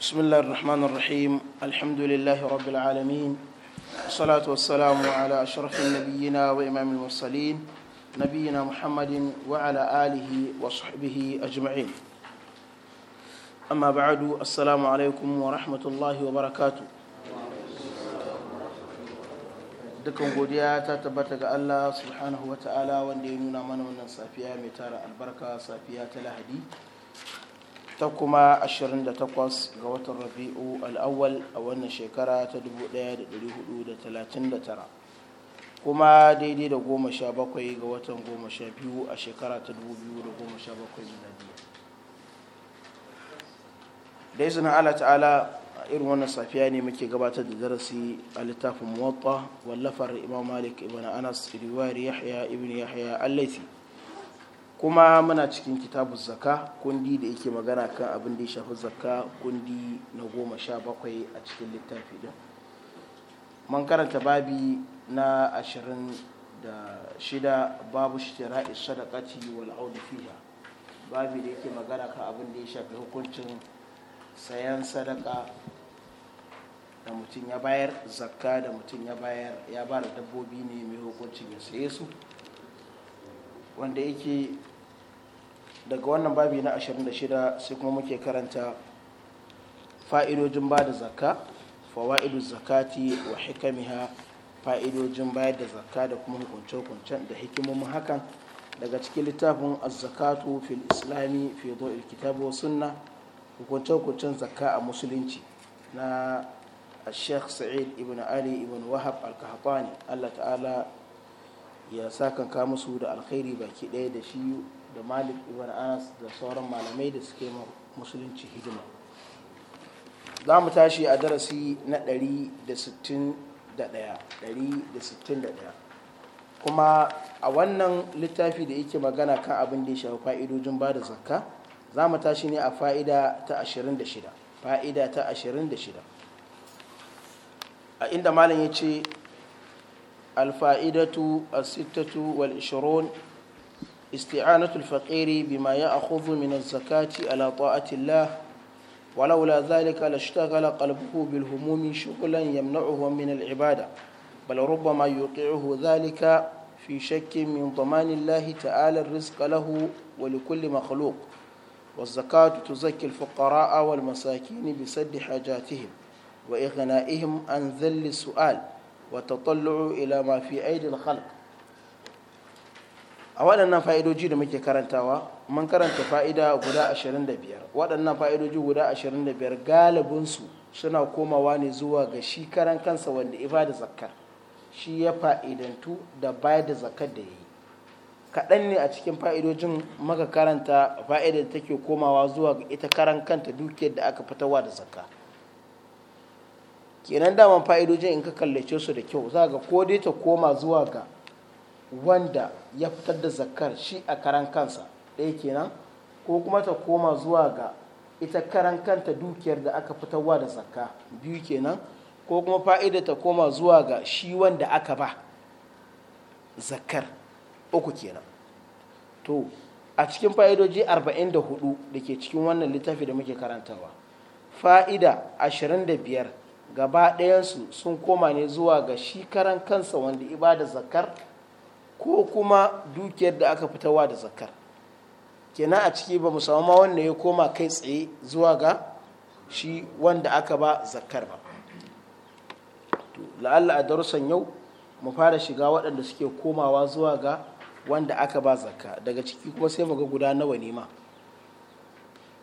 بسم الله الرحمن الرحيم الحمد لله رب العالمين الصلاة والسلام على أشرف النبيين وإمام المرسلين نبينا محمد وعلى آله وصحبه أجمعين أما بعد السلام عليكم ورحمة الله وبركاته dukan godiya ta tabbata ga Allah subhanahu wa ta'ala wanda ya nuna mana wannan safiya mai tara albarka safiya ta lahadi ta kuma 28 ga watan rabi'u al'awwal a wannan shekara ta 1439 kuma daidai da 17 ga watan 12 a shekara ta 2017 miladiya da izinin ala ta'ala a irin wannan safiya ne muke gabatar da darasi a littafin muwatta wallafar imam malik ibn anas riwayar yahya ibn yahya al kuma muna cikin kitabu zakka kundi da yake magana kan abin da ya shafi zakka kundi na goma sha bakwai a cikin littafi din man karanta babi na ashirin da shida babu shira'i sadaqati wal audu fiha babi da yake magana kan abin da ya shafi hukuncin sayan sadaka da mutum ya bayar zakka da mutum ya bayar ya bada dabbobi ne mai hukuncin ya saye su wanda yake daga wannan babi na 26 sai kuma muke karanta fa'idojin ba da zakka fawa'idu zakati wa hikamiha fa'idojin bayar da zakka da kuma hukunce-hukuncen da hikimomin hakan daga cikin littafin azzakatu fil islami fi zo'il kitabu wa sunna hukunce-hukuncen zakka a musulunci na sheikh sa'id ibn ali ibn wahab al allah ta'ala ya sakanka musu da alkhairi baki ɗaya da shi da malik ibn anas da sauran malamai da suke musulunci hidima za mu tashi a darasi na 161 kuma a wannan littafi da yake magana kan abin da ya shafi fa'idojin ba da zakka za mu tashi ne a fa'ida ta 26 fa'ida ta 26 a inda malam ya ce alfa'idatu a sittatu wal استعانة الفقير بما يأخذ من الزكاة على طاعة الله ولولا ذلك لاشتغل قلبه بالهموم شغلا يمنعه من العبادة بل ربما يوقعه ذلك في شك من ضمان الله تعالى الرزق له ولكل مخلوق والزكاة تزكي الفقراء والمساكين بسد حاجاتهم وإغنائهم عن ذل السؤال وتطلع إلى ما في أيدي الخلق a waɗannan fa'idoji da muke karantawa mun karanta fa'ida guda 25 waɗannan fa'idoji guda 25 galibinsu suna komawa ne zuwa ga shi karan kansa wanda iba da zakar shi ya fa'idantu da bayar da zakar da ya yi kaɗan ne a cikin fa'idojin maka karanta fa'idar take komawa zuwa ga ita karan kanta dukiyar da aka fitarwa da zakka kenan daman fa'idojin in ka kallace su da kyau za ga ko dai ta koma zuwa ga wanda ya fitar da zakar shi a karan kansa ɗaya kenan ko kuma ta koma zuwa ga ita karan kanta dukiyar da aka fitarwa da zakka biyu kenan ko kuma fa'ida ta koma zuwa ga shi wanda aka ba zakar uku kenan to a cikin fa'idoji 44 da ke cikin wannan littafi da muke karantawa fa'ida 25 gaba ɗayansu sun koma ne zuwa ga shi karan kansa wanda ibada zakar ko kuma dukiyar da aka fitarwa da zakar kenan a ciki ba mu samu ma wanda ya koma kai tsaye zuwa ga shi wanda aka ba zakar ba la'alla a darussan yau mu fara shiga waɗanda suke komawa zuwa ga wanda aka ba zakka daga ciki kuma sai mu ga guda nawa ne ma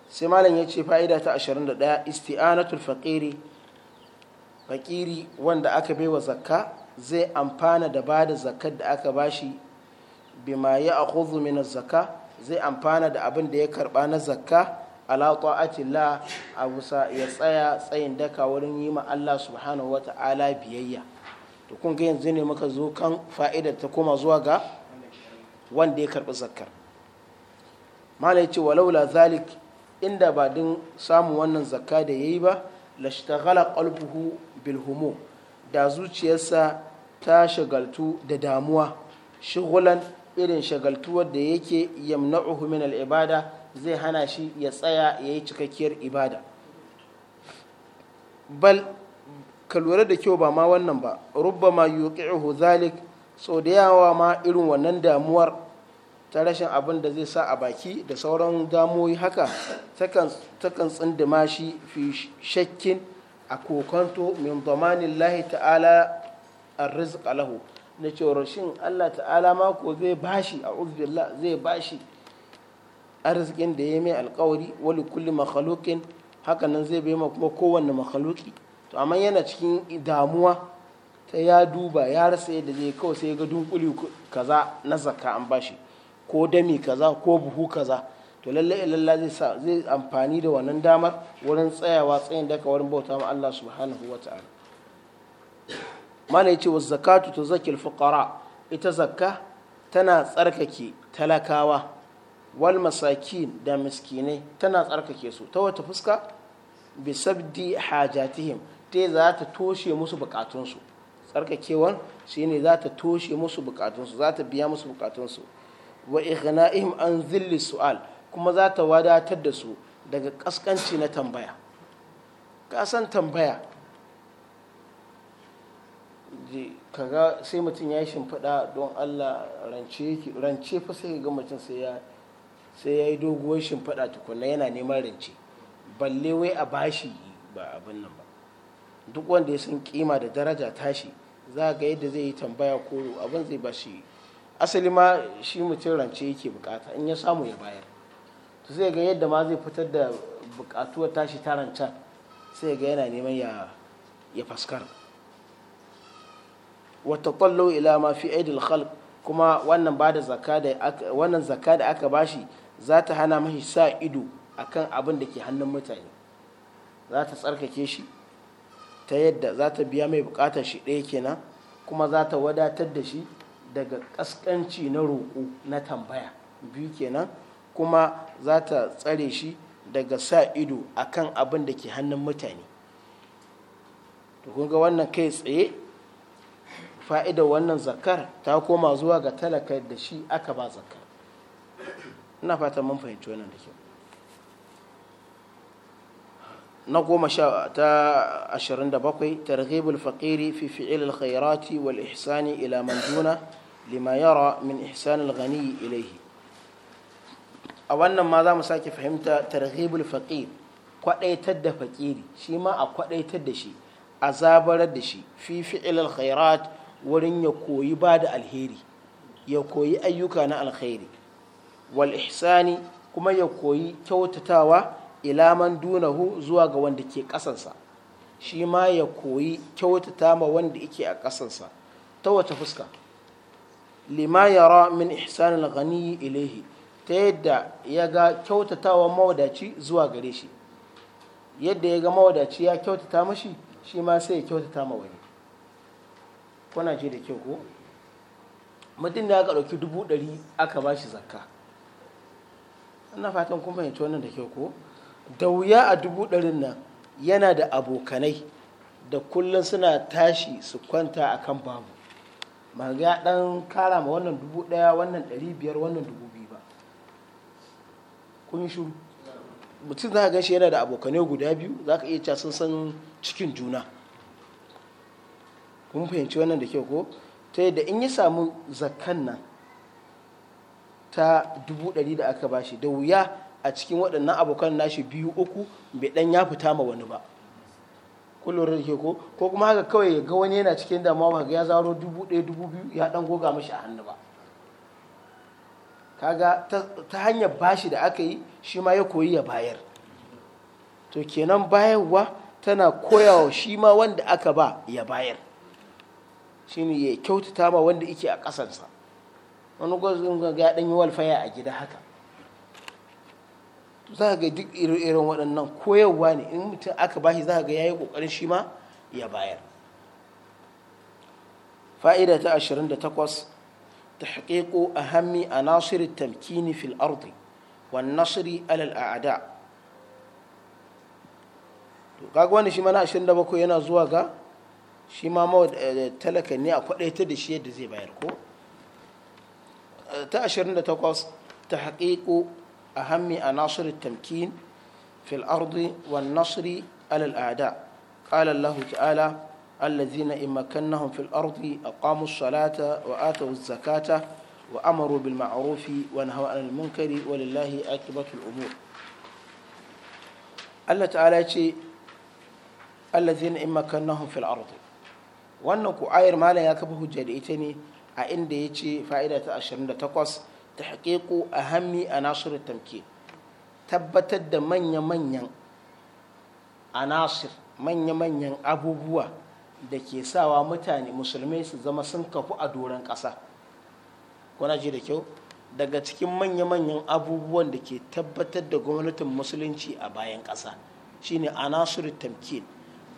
sai malam ya ce fa'ida ta 21 isti'anatul faqiri faqiri wanda aka baiwa zakka zai amfana da ba da zakat da aka bashi bima ya akhudhu min zaka zai amfana da abin da ya karba na zakka ala ta'atillah a busa ya tsaya tsayin daka wurin yi ma Allah subhanahu wata'ala biyayya to kun ga yanzu ne muka zo kan fa'idar ta koma zuwa ga wanda ya karbi zakkar mala yace walaula zalik inda ba din samun wannan zakka da ya yi ba lashtaghala qalbuhu bil humum da zuciyarsa ta shagaltu da damuwa shigulan irin shagaltuwar da yake yamna min al-ibada zai hana shi ya tsaya ya yi cikakkiyar ibada bal ka lura da kyau ba ma wannan ba rubba ma yuqi'uhu zalik so da yawa ma irin wannan damuwar ta rashin abin da zai sa a baki da sauran damuwoyi haka takan tsindima shi fi shakkin a kokonto min zamanin lahi ta'ala arrizq lahu na cewar shin Allah ta'ala mako zai bashi a uzbillah zai bashi arzikin da ya mai alkawari wali kulli makhluqin hakanan zai bai ma kuma kowanne makhluqi to amma yana cikin damuwa ta ya duba ya rasa yadda zai kawai sai ga dunkuli kaza na zakka an bashi ko dami kaza ko buhu kaza to lallai ilalla zai sa zai amfani da wannan damar wurin tsayawa tsayin daka wurin bauta ma Allah subhanahu wata'ala mana ce wa zakatu ta al-fuqara ita zakka tana tsarkake talakawa wal masakin da miskinai tana tsarkake su ta wata fuska bisabdi hajatihim ta za ta toshe musu bukatunsu tsarkakewan shine za ta toshe musu bukatunsu za ta biya musu bukatunsu wa ighna'ihim an zilli su'al kuma za ta wadatar da su daga kaskanci na tambaya kasan tambaya kaga sai mutum ya yi shimfiɗa don allah rance fa sai ga mutum sai ya yi doguwar shimfiɗa tukuna yana neman rance balle wai a bashi ba abin nan ba duk wanda ya san kima da daraja tashi za ga yadda zai yi tambaya ko abin zai bashi asali ma shi mutum rance yake bukata in ya samu ya bayar to sai ga yadda ma zai fitar da bukatuwar tashi ta rancen sai ga yana neman ya faskara wata tallau ila ma fi aidil khalq kuma wannan ba da zaka da wannan zaka da aka bashi za ta hana mashi sa ido akan abin da ke hannun mutane za ta tsarkake shi ta yadda za ta biya mai bukatar shi ɗaya kenan kuma za ta wadatar da shi daga ƙasƙanci na roƙo na tambaya biyu kenan kuma za ta tsare shi daga sa ido akan abin da ke hannun mutane to kun ga wannan kai tsaye fa'ida wannan zakar ta koma zuwa ga talaka da shi aka ba zakar ina fatan mun fahimci wannan da kyau na goma sha ta ashirin da bakwai targhibul faƙiri fi fi'il alkhairati wal ihsani ila man duna lima yara min ihsan alghani ilaihi a wannan ma za mu sake fahimta targhibul faƙir kwaɗaitar da faƙiri shi ma a kwaɗaitar da shi a zabarar da shi fi fi'il alkhairati wurin ya koyi ba da alheri ya koyi ayyuka na alheri wal ihsani kuma ya koyi kyautatawa ilaman dunahu zuwa ga wanda ke kasansa shi ma ya koyi kyautata ma wanda yake a kasansa ta wata fuska lima yara min ihsanin ghani ilahi ta yadda ya ga kyautatawa mawadaci zuwa gare shi yadda ya ga mawadaci ya kyautata mashi shi ma sai ya kyautata ma wani kwana ce da kyau ko mutum da aka ɗauki dubu ɗari aka ba shi zakka ana fatan kun fahimci wannan da kyau ko da wuya a dubu ɗarin nan yana da abokanai da kullum suna tashi su kwanta a kan babu ma ga ɗan kara ma wannan dubu ɗaya wannan ɗari biyar wannan dubu biyu ba kun yi shuru mutum za ka gan shi yana da abokanai guda biyu za ka iya ca sun san cikin juna kun fahimci wannan da kyau ko ta yadda in ya samu zakkan nan ta dubu ɗari da aka bashi da wuya a cikin waɗannan abokan nashi biyu uku bai ɗan ya fita ma wani ba kullum da ke ko ko kuma haka kawai ya ga wani yana cikin damuwa ba ya zaro dubu ɗaya dubu biyu ya ɗan goga mashi a hannu ba kaga ta hanyar bashi da aka yi shi ma ya koyi ya bayar to kenan bayarwa tana koyawa shi ma wanda aka ba ya bayar shine ya kyautata ma wanda yake a ƙasansa wani gwazin ga ɗan ɗanyi walfaya a gida haka za ga duk irin waɗannan koyarwa ne in mutum aka bashi za ga ya yi ƙoƙarin shi ma ya bayar fa'ida ta 28 a ahammi a nasirin tamkini fil ardi wa nasiri alal al-a'da to kaga wani shi mana 27 yana zuwa ga shi ma eh, talaka ne a ta da shi yadda zai bayar ko eh, ta 28 ta haƙiƙo a hammi a nasiru tamkin fil ardi wa nasiri alal ada ƙala Allah ta'ala allazina in makannahum ardi salata wa atu zakata wa amaru bil ma'rufi wa nahaw anil munkari wa lillahi umur Allah ta'ala ce allazina in makannahum fil ardi wannan ku ayar malam ya kafa hujja da ita ne a inda ya ce fa'ida ta 28 ta haƙiƙo a hammi a nasiru tamke tabbatar da manya-manyan nasir manya-manyan abubuwa da ke sawa mutane musulmai su zama sun kafu a doron ƙasa kuna ji da kyau daga cikin manya-manyan abubuwan da ke tabbatar da gwamnatin musulunci a bayan ƙasa shine anasir tamkin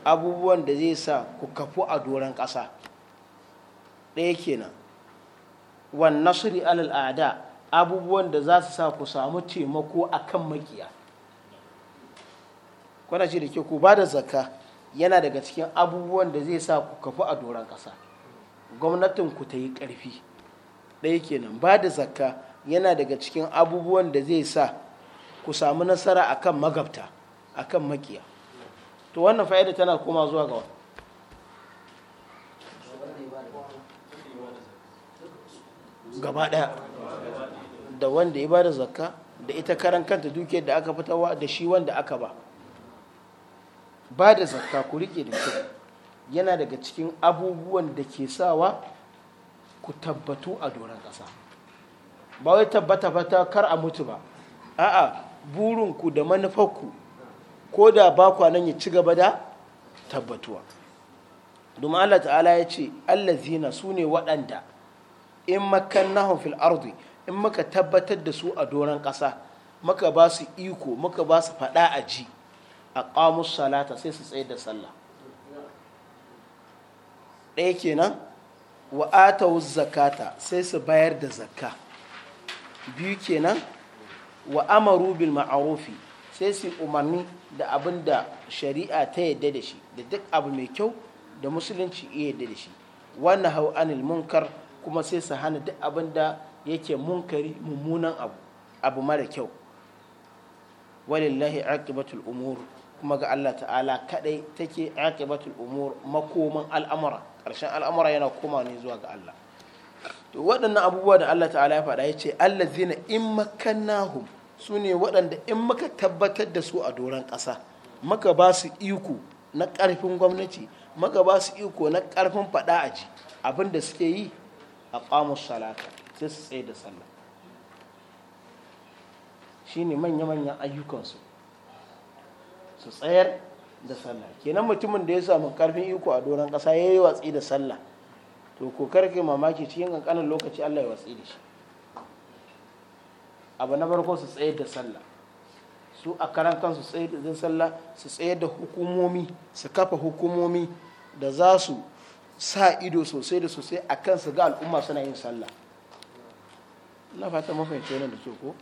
abubuwan da zai sa ku kafu a doron ƙasa ɗaya kenan wan nasri alal abubuwan da za su sa ku samu taimako a kan makiya kuna ce da ke ku ba da zakka yana daga cikin abubuwan da zai sa ku kafu a doron ƙasa gwamnatin ku ta yi ƙarfi ɗaya kenan ba da zakka yana daga cikin abubuwan da zai sa ku samu nasara akan magabta akan makiya to wannan fa'ida tana koma zuwa ga gaba daya da wanda ya ba da zakka da ita karan kanta dukiyar da aka fitarwa da shi wanda aka ba ba da zakka ku rike da kyau yana daga cikin abubuwan da ke sawa ku tabbatu a doron kasa ba wai tabbata fata kar a mutu ba a'a burinku da manufarku ko da ba kwanan ya ci gaba da tabbatuwa domin Allah ta'ala ya ce allazina su ne waɗanda in makannahum fil ardi in maka tabbatar da su a doron ƙasa maka ba su iko maka ba su faɗa a ji a ƙamus salata sai su tsaye da sallah ɗaya kenan wa atawu zakata sai su bayar da zakka biyu kenan wa amaru bil ma'arufi sai su umarni da abin da shari'a ta yadda da shi da duk abu mai kyau da musulunci iya yadda da shi wannan hau anil munkar kuma sai su hana duk abin da yake munkari mummunan abu mara kyau walillahi aqibatul umur kuma ga Allah ta'ala kadai take aqibatul umur makoman al'amura ƙarshen al'amura yana koma ne zuwa ga Allah to waɗannan abubuwa da Allah ta'ala ya faɗa ya ce allazina in makannahum su ne waɗanda in maka tabbatar da su a doron ƙasa maka ba su iko na ƙarfin gwamnati maka ba su iko na ƙarfin faɗa a ji abin da suke yi a ƙamus salata sai su tsaye da sallah shi ne manya-manyan ayyukansu su tsayar da sallah kenan mutumin da ya samu ƙarfin iko a doron ƙasa ya yi watsi da sallah to ko karke mamaki cikin ƙanƙanin lokaci allah ya watsi da shi abu na farko su tsayar da sallah su a karan kansu tsayar da sallah su tsayar da hukumomi su kafa hukumomi da za su sa ido sosai da sosai a kan su ga al'umma suna yin sallah na fata mafahimci wani da ke ko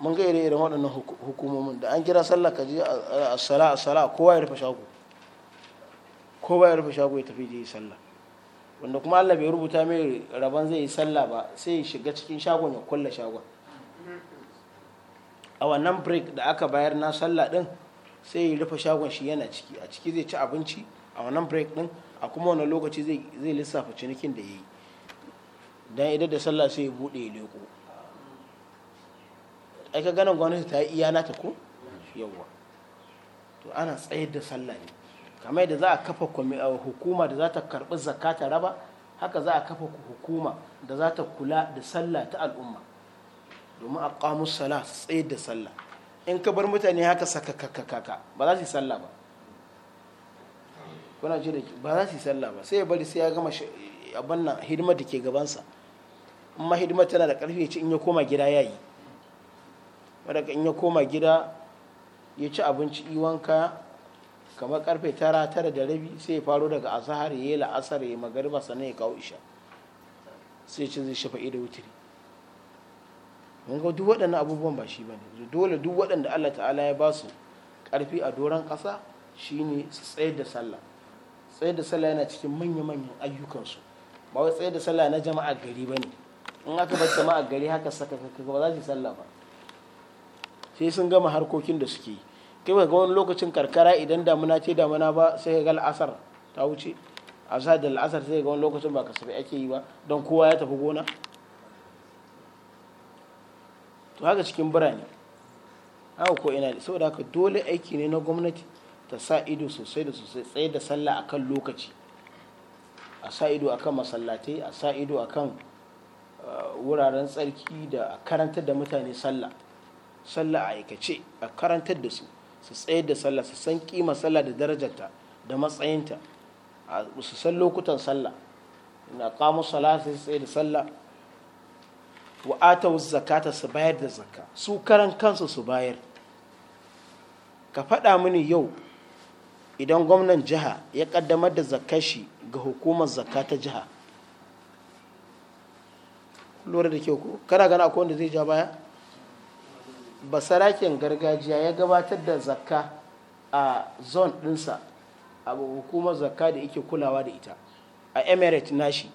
mun ga ire irin waɗannan hukumomin da an kira sallah ka je a sala a sala kowa ya rufe shago kowa ya rufe shago ya tafi je yi sallah wanda kuma Allah bai rubuta mai rabon zai yi sallah ba sai ya shiga cikin shagon ya kulla shagon a wannan break da aka bayar na sallah din sai ya rufe shagon shi yana ciki a ciki zai ci abinci a wannan break din a kuma wani lokaci zai lissafa cinikin da ya yi don idan da sallah sai ya buɗe ya leko aika ganin gwamnati ta yi iya nata ko yawwa to ana tsayar da sallah ne kamar da za a kafa hukuma da za ta karɓi zakata raba haka za a kafa hukuma da za ta kula da sallah ta al'umma domin a kamus sala tsayar da sallah in ka bar mutane haka saka sakakakaka ba za su yi sallah ba kuna ce da ba za su yi sallah ba sai ya bari sai ya gama abin nan hidimar da ke gabansa amma hidimar tana da karfi ya ci in ya koma gida ya yi wadda in ya koma gida ya ci abinci iwanka kamar karfe tara tara da rabi sai ya faro daga azahar ya yi la'asar ya magariba sannan ya kawo isha sai ci zai shafa ido wutiri ga duk waɗannan abubuwan ba shi ba ne dole duk waɗanda allah ta'ala ya ba su ƙarfi a doron ƙasa shine su tsayar da sallah tsayar da sallah yana cikin manya-manyan ayyukansu ba wai tsayar da sallah na jama'a gari ba ne in aka bar jama'a gari haka saka kaka ba za su sallah ba sai sun gama harkokin da suke yi kai ga wani lokacin karkara idan damuna ce damuna ba sai ga al'asar ta wuce a da al'asar sai ga wani lokacin ba kasafi ake yi ba don kowa ya tafi gona to haka cikin birane haka ko ina saboda haka dole aiki ne na gwamnati ta sa ido sosai da sosai tsaye da sallah akan lokaci a sa ido akan masallatai a sa ido akan ah, wuraren tsarki da a karantar da mutane sallah sallah a aikace a karantar da su su tsaye da sallah su san kima sallah da darajarta da matsayinta su san lokutan sallah na kamun sallah su tsaye da sallah wa atau zakata su bayar da zakka su karan kansu su bayar ka faɗa mini yau idan gwamnan jiha ya ƙaddamar da zakashi ga hukumar zakka ta jiha lura da kyau ku kana gana akwai wanda zai ja baya basaraken gargajiya ya gabatar da zakka a zon ɗinsa a hukumar zaka da yake kulawa da ita a emirate nashi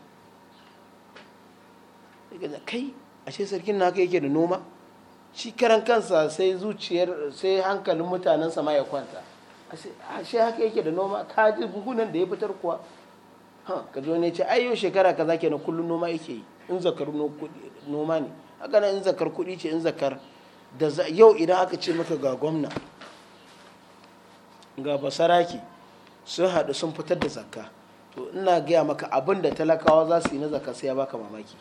kai ashe sarkin naka yake da noma shi karan kansa sai zuciyar sai hankalin mutanensa ma ya kwanta ashe haka yake da noma ka ji buhunan da ya fitar kuwa ka zo ne ce ai yau shekara kaza ke na kullum noma yake yi in zakar noma ne haka nan in zakar kuɗi ce in zakar da yau idan aka ce maka ga gwamna ga basaraki sun haɗu sun fitar da zakka to ina gaya maka abin da talakawa za su yi na zakka sai ya baka mamaki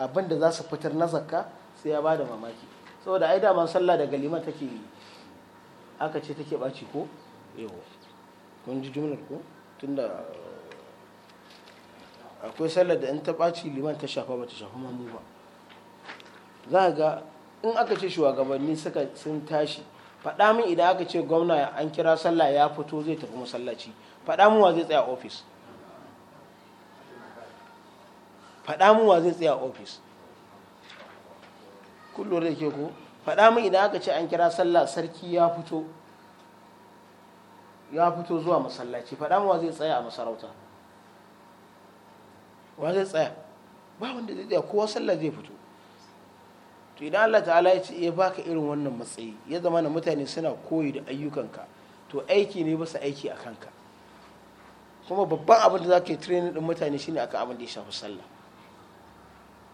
abin da za su fitar na zakka sai ya bada mamaki saboda ai daman sallah daga liman take aka ce take ɓaci ko yawo kun ji jumlar ko tunda akwai sallar da in ta ɓaci liman ta shafa ba ta shafa mamu ba za ga in aka ce shugabanni suka sun tashi faɗa min idan aka ce gwamna an kira sallah ya fito zai tafi masallaci faɗa min wa zai tsaya ofis faɗa mun wa zai tsaya a ofis kullum da ke ko faɗa mun idan aka ce an kira sallah sarki ya fito ya fito zuwa masallaci faɗa mun wa zai tsaya a masarauta wa zai tsaya ba wanda zai tsaya kowa sallah zai fito to idan Allah ta'ala ya ce ya eh, baka irin wannan matsayi ya zama na mutane suna koyi da ayyukanka to aiki ne basa aiki a kanka kuma babban abin da za ka yi training din mutane shine akan abin da ya shafi sallah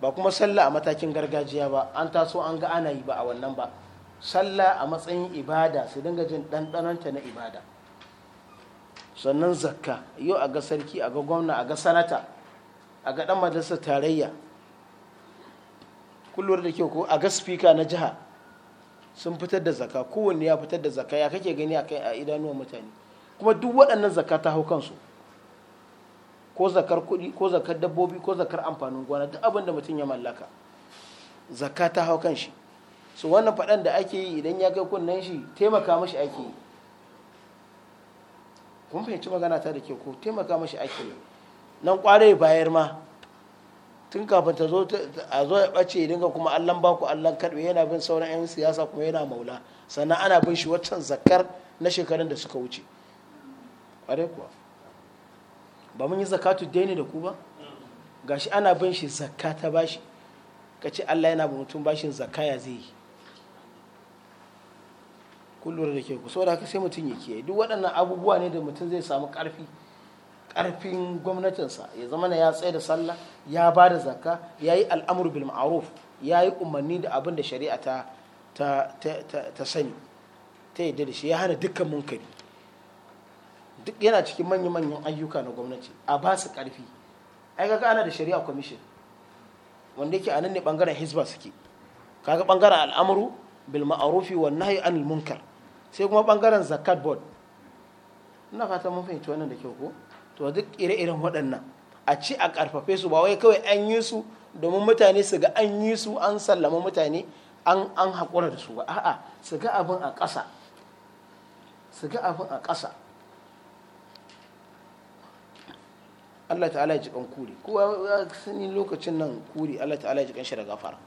ba kuma sallah a matakin gargajiya ba an taso an ga ana yi ba a wannan ba sallah a matsayin ibada su dinga jin ɗanɗanonta na ibada sannan zakka yau a ga sarki a ga gwamna a ga sanata a ga ɗan majalisar tarayya kullum da kyau ko a ga spika na jiha sun fitar da zakka kowanne ya fitar da zakka ya kake gani a idanuwan mutane kuma duk waɗannan zakka ta hau kansu ko zakar kuɗi ko zakar dabbobi ko zakar amfanin gona duk abin da mutum ya mallaka zakka ta hau kan shi su wannan faɗan da ake yi idan ya kai kunnen shi taimaka mashi ake yi kun fahimci magana ta da ke ko taimaka mashi ake yi nan kware bayar ma tun kafin ta zo a zo ya ɓace idan dinga kuma allan baku allan karɓe yana bin sauran 'yan siyasa kuma yana maula sannan ana bin shi waccan zakar na shekarun da suka wuce ƙware kuwa ba mun yi zakatu daini da ku ba gashi ana bin shi zakka ta bashi ka ce Allah yana ba mutum bashin zakka ya zai yi kullum da ke ku da haka sai mutum ya kiyaye duk waɗannan abubuwa ne da mutum zai samu ƙarfi ƙarfin gwamnatinsa ya zama na ya tsaye da sallah ya ba da zakka ya yi al'amur bil ma'ruf ya yi umarni da abin da shari'a ta sani ta yadda da shi ya hana dukkan munkari duk yana cikin manya-manyan ayyuka na gwamnati a ba su ƙarfi ai kaga ana da shari'a commission wanda yake a nan ne bangaren hizba suke kaga bangaren al'amuru bil ma'arufi wa nahyi anil munkar sai kuma bangaren zakat board ina fata mun fahimci wannan da kyau ko to duk ire-iren waɗannan a ci a ƙarfafe su ba wai kawai an yi su domin mutane su ga an yi su an sallama mutane an an haƙura da su ba a'a su ga abin a ƙasa su ga abin a ƙasa Allah ta'ala ya ji kan kuri ko ya sani lokacin nan kuri Allah ta'ala ya ji kan shi da gafara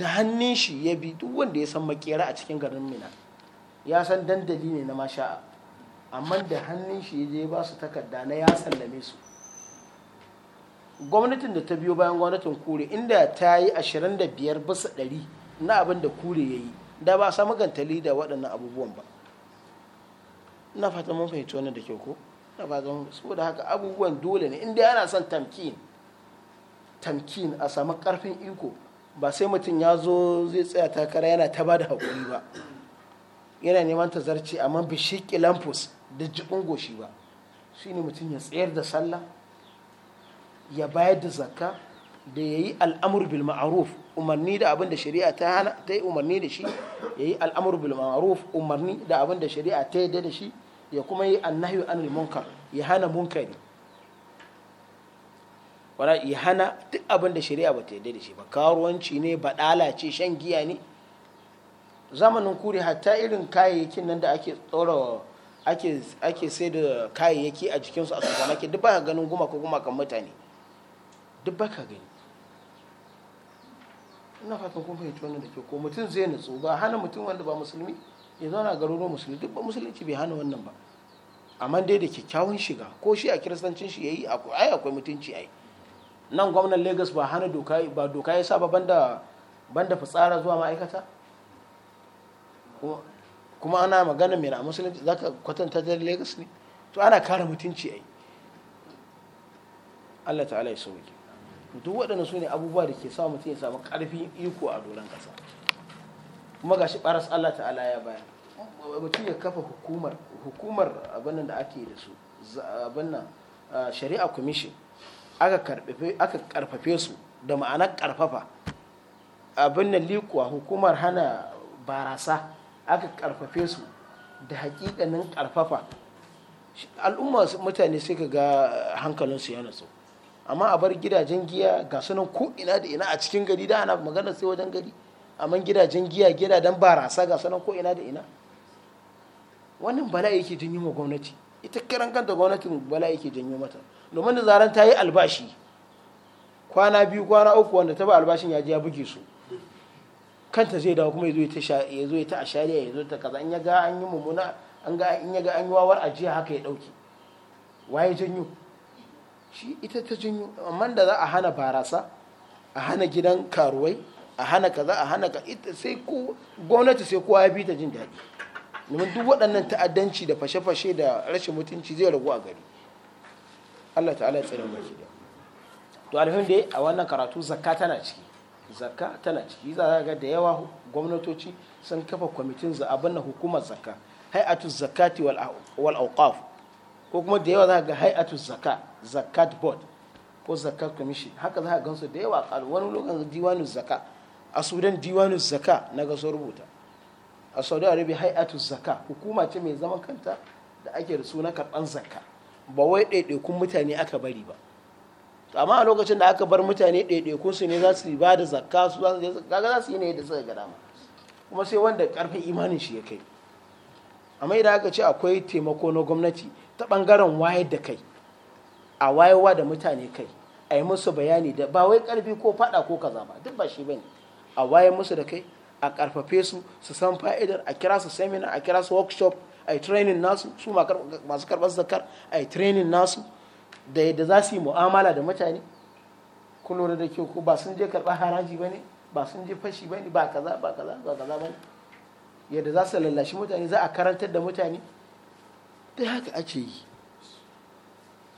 da hannun shi ya bi duk wanda ya san makera a cikin garin Mina ya san dandali ne na masha'a amma da hannun shi ya je ba su takarda na ya sallame su gwamnatin da ta biyo bayan gwamnatin kure inda ta yi 25 bisa 100 na abin da kure ya yi da ba a samu gantali da waɗannan abubuwan ba ina fata mun fahimci wannan da kyau ko kagan saboda haka abubuwan dole ne inda ana son tamkin tamkin a samu karfin iko ba sai mutum ya zo zai tsaya takara yana ta ba da haƙuri ba yana neman ta zarce amma bishiki lampus da jikin goshi ba shi ne mutum ya tsayar da sallah ya bayar da zakka da ya yi al'amur bil ma'aruf umarni da abin da shari'a ta hana ta yi umarni da shi ya yi al'amur bil ma'aruf umarni da abin da shari'a ta yi da shi ya kuma yi annahyu an munkar ya hana munkari wala ya hana duk abin da shari'a ba ta yarda da shi ba karuwanci ne baɗala ce shan giya ne zamanin kuri hatta irin kayayyakin nan da ake tsorawa ake ake sai da kayayyaki a jikinsu a supermarket duk baka ganin guma ko guma kan mutane duk baka gani ina fatan kun fahimci wannan da ke ko mutum zai nutsu ba hana mutum wanda ba musulmi ya zauna garuruwan musulmi duk ba musulunci bai hana wannan ba amma dai da kyakkyawan shiga ko shi a kiristancin shi yayi ai akwai mutunci ai nan gwamnan Lagos ba hana doka ba doka ya saba banda banda fitsara zuwa ma'aikata kuma ana magana mai na musulunci zaka kwatanta da Lagos ne to ana kare mutunci ai Allah ta'ala ya sauke duk waɗanda su ne abubuwa da ke sa mutum ya samu ƙarfin iko a doron ƙasa kuma gashi ɓaras Allah ta'ala ya bayar mutum ya kafa hukumar hukumar abin da ake da su abin shari'a commission aka karfafe su da ma'anar karfafa abin likuwa hukumar hana barasa aka karfafe su da hakikanin karfafa al'umma mutane sai ka ga hankalinsu yana so amma a bar gidajen giya ga sunan ko ina da ina a cikin gari da ana magana sai wajen gari amma gidajen giya gidajen barasa ga sunan ko ina da ina wannan bala yake janyo ma gwamnati ita kiran kanta gwamnatin bala yake janyo mata domin da zaran ta yi albashi kwana biyu kwana uku wanda ta ba albashin ya je ya buge su kanta zai dawo kuma ya zo ya ta shari'a ya zo ta kaza in ya ga an yi mummuna an ga in ya ga an yi wawar ajiya haka ya dauki waye janyo shi ita ta janyo amma da za a hana barasa a hana gidan karuwai a hana kaza a hana ka ita sai ko gwamnati sai kowa ya bi ta jin daɗi domin duk waɗannan ta'addanci da fashe-fashe da rashin mutunci zai ragu a gari Allah ta'ala ya tsere mai to alhamdu dai a wannan karatu zakka tana ciki zakka tana ciki za a ga da yawa gwamnatoci sun kafa kwamitin za abin na hukumar zakka hay'atu zakati wal awqaf ko kuma da yawa za ga hay'atu zakka zakat board ko zakka commission haka za ka gansu da yawa a wani lokacin diwanin zakka a sudan diwanin zakka na ga sun rubuta a saudi arabia hay'atu zaka hukuma ce mai zaman kanta da ake da suna karɓan zaka ba wai ɗaiɗaikun mutane aka bari ba to amma a lokacin da aka bar mutane ɗaiɗaikun su ne za su ba da zakka su kaga za su yi ne da suka ga kuma sai wanda karfin imanin shi ya kai amma idan aka ce akwai taimako na gwamnati ta bangaren wayar da kai a wayewa da mutane kai a yi musu bayani da ba wai karfi ko faɗa ko kaza ba duk ba shi bane a wayar musu da kai a karfafe su su san fa'idar a kira su seminar a kira su workshop a yi training nasu su masu karɓar zakar a yi training nasu da yadda za su yi mu'amala da mutane kun lura da ke ko ba sun je karɓar haraji ba ne ba sun je fashi ba ne ba kaza ba kaza ba kaza ba ne yadda za su lallashi mutane za a karantar da mutane ta haka ake yi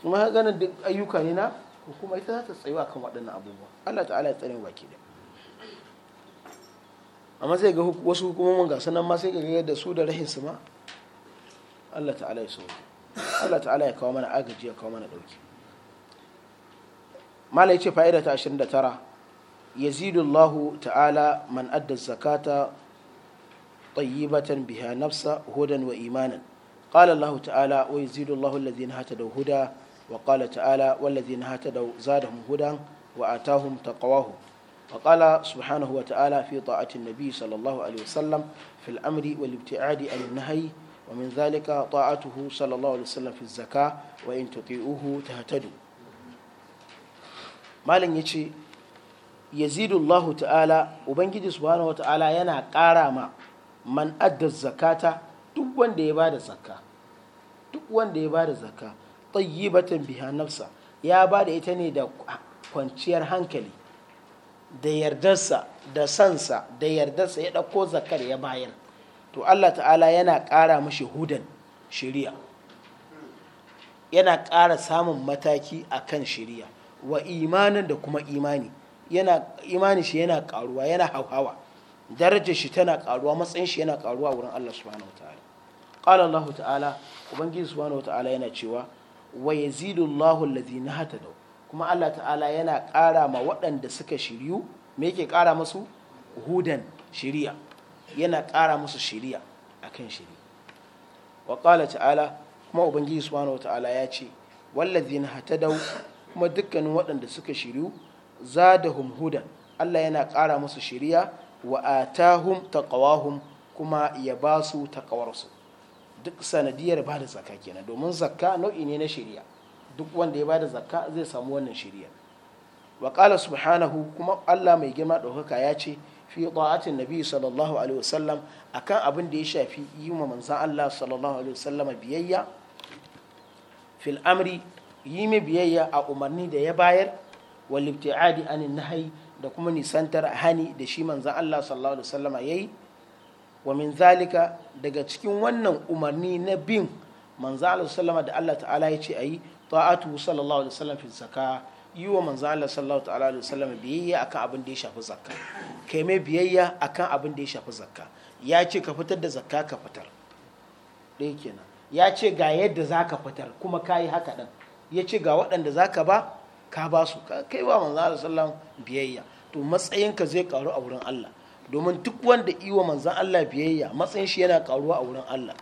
kuma ganin duk ayyuka ne na hukuma ita za ta tsayuwa kan waɗannan abubuwa allah ta'ala ya tsare baki da amma zai ga wasu hukumomin ga sanan ma sai ga yadda su da rahin su ma Allah ta'ala ya sauri Allah ta'ala ya kawo mana agaji ya kawo mana dauki mala yace fa'ida ta 29 yazidu Allah ta'ala man adda zakata tayyibatan biha nafsa hudan wa imanan قال الله تعالى ويزيد الله الذين هتدوا هدى وقال تعالى والذين هتدوا زادهم هدى وآتاهم تقواهم فقال سبحانه وتعالى في طاعة النبي صلى الله عليه وسلم في الأمر والابتعاد عن النهي ومن ذلك طاعته صلى الله عليه وسلم في الزكاة وإن تطيعوه تهتدوا مالن يجي يزيد الله تعالى وبنجي سبحانه وتعالى ينا قارما من أدى الزكاة duk wanda ya bada zakka duk wanda ya bada zakka tayyibatan biha nafsa ya bada ita ne da kwanciyar hankali da yardarsa da sansa da yardarsa ya ɗauko zakar ya bayar to Allah ta'ala yana ƙara mashi hudan shiriya yana ƙara samun mataki a kan shiriya wa imanin da kuma imani yana imani shi yana ƙaruwa yana hauhawa darajar shi tana ƙaruwa matsayin shi yana ƙaruwa wurin Allah subhanahu ta'ala ta'ala ubangiji subhanahu Wata'ala yana cewa wa na hata dau" kuma Allah ta'ala yana ƙara ma waɗanda suka shiryu me yake ƙara musu hudan shiriya yana ƙara musu shiriya akan shiri wa ƙala ta'ala kuma ubangiji subhanahu ta'ala ya ce wallazina hatadau kuma dukkanin waɗanda suka shiryu hum hudan Allah yana ƙara musu shiriya wa atahum taqawahum kuma ya ba su taqawarsu duk sanadiyar ba da zakka domin zakka nau'i ne na shiriya duk wanda ya bada zakka zai samu wannan shirya wa qala subhanahu kuma Allah mai girma ɗaukaka ya ce fi ta'atin nabi sallallahu alaihi wasallam akan abin da ya shafi yi wa manzon Allah sallallahu alaihi wasallam biyayya fil amri yi mai biyayya a umarni da ya bayar wal ibtiadi anin nahyi da kuma nisantar hani da shi manzon Allah sallallahu alaihi wasallam yayi wa min zalika daga cikin wannan umarni na bin manzon Allah sallallahu alaihi wasallam da Allah ta'ala ya ce ayi ta'atu sallallahu alaihi wasallam fi zakka yi wa manzo Allah sallallahu ta'ala alaihi wasallam biyayya akan abin da ya shafi zakka kai mai biyayya akan abin da ya shafi zakka ya ce ka fitar da zakka ka fitar dai kenan ya ce ga yadda zaka ka fitar kuma kai haka din ya ce ga waɗanda zaka ba ka ba su kai wa manzo Allah wasallam biyayya to matsayinka zai karu a wurin Allah domin duk wanda iwa manzan Allah biyayya matsayin shi yana karuwa a wurin Allah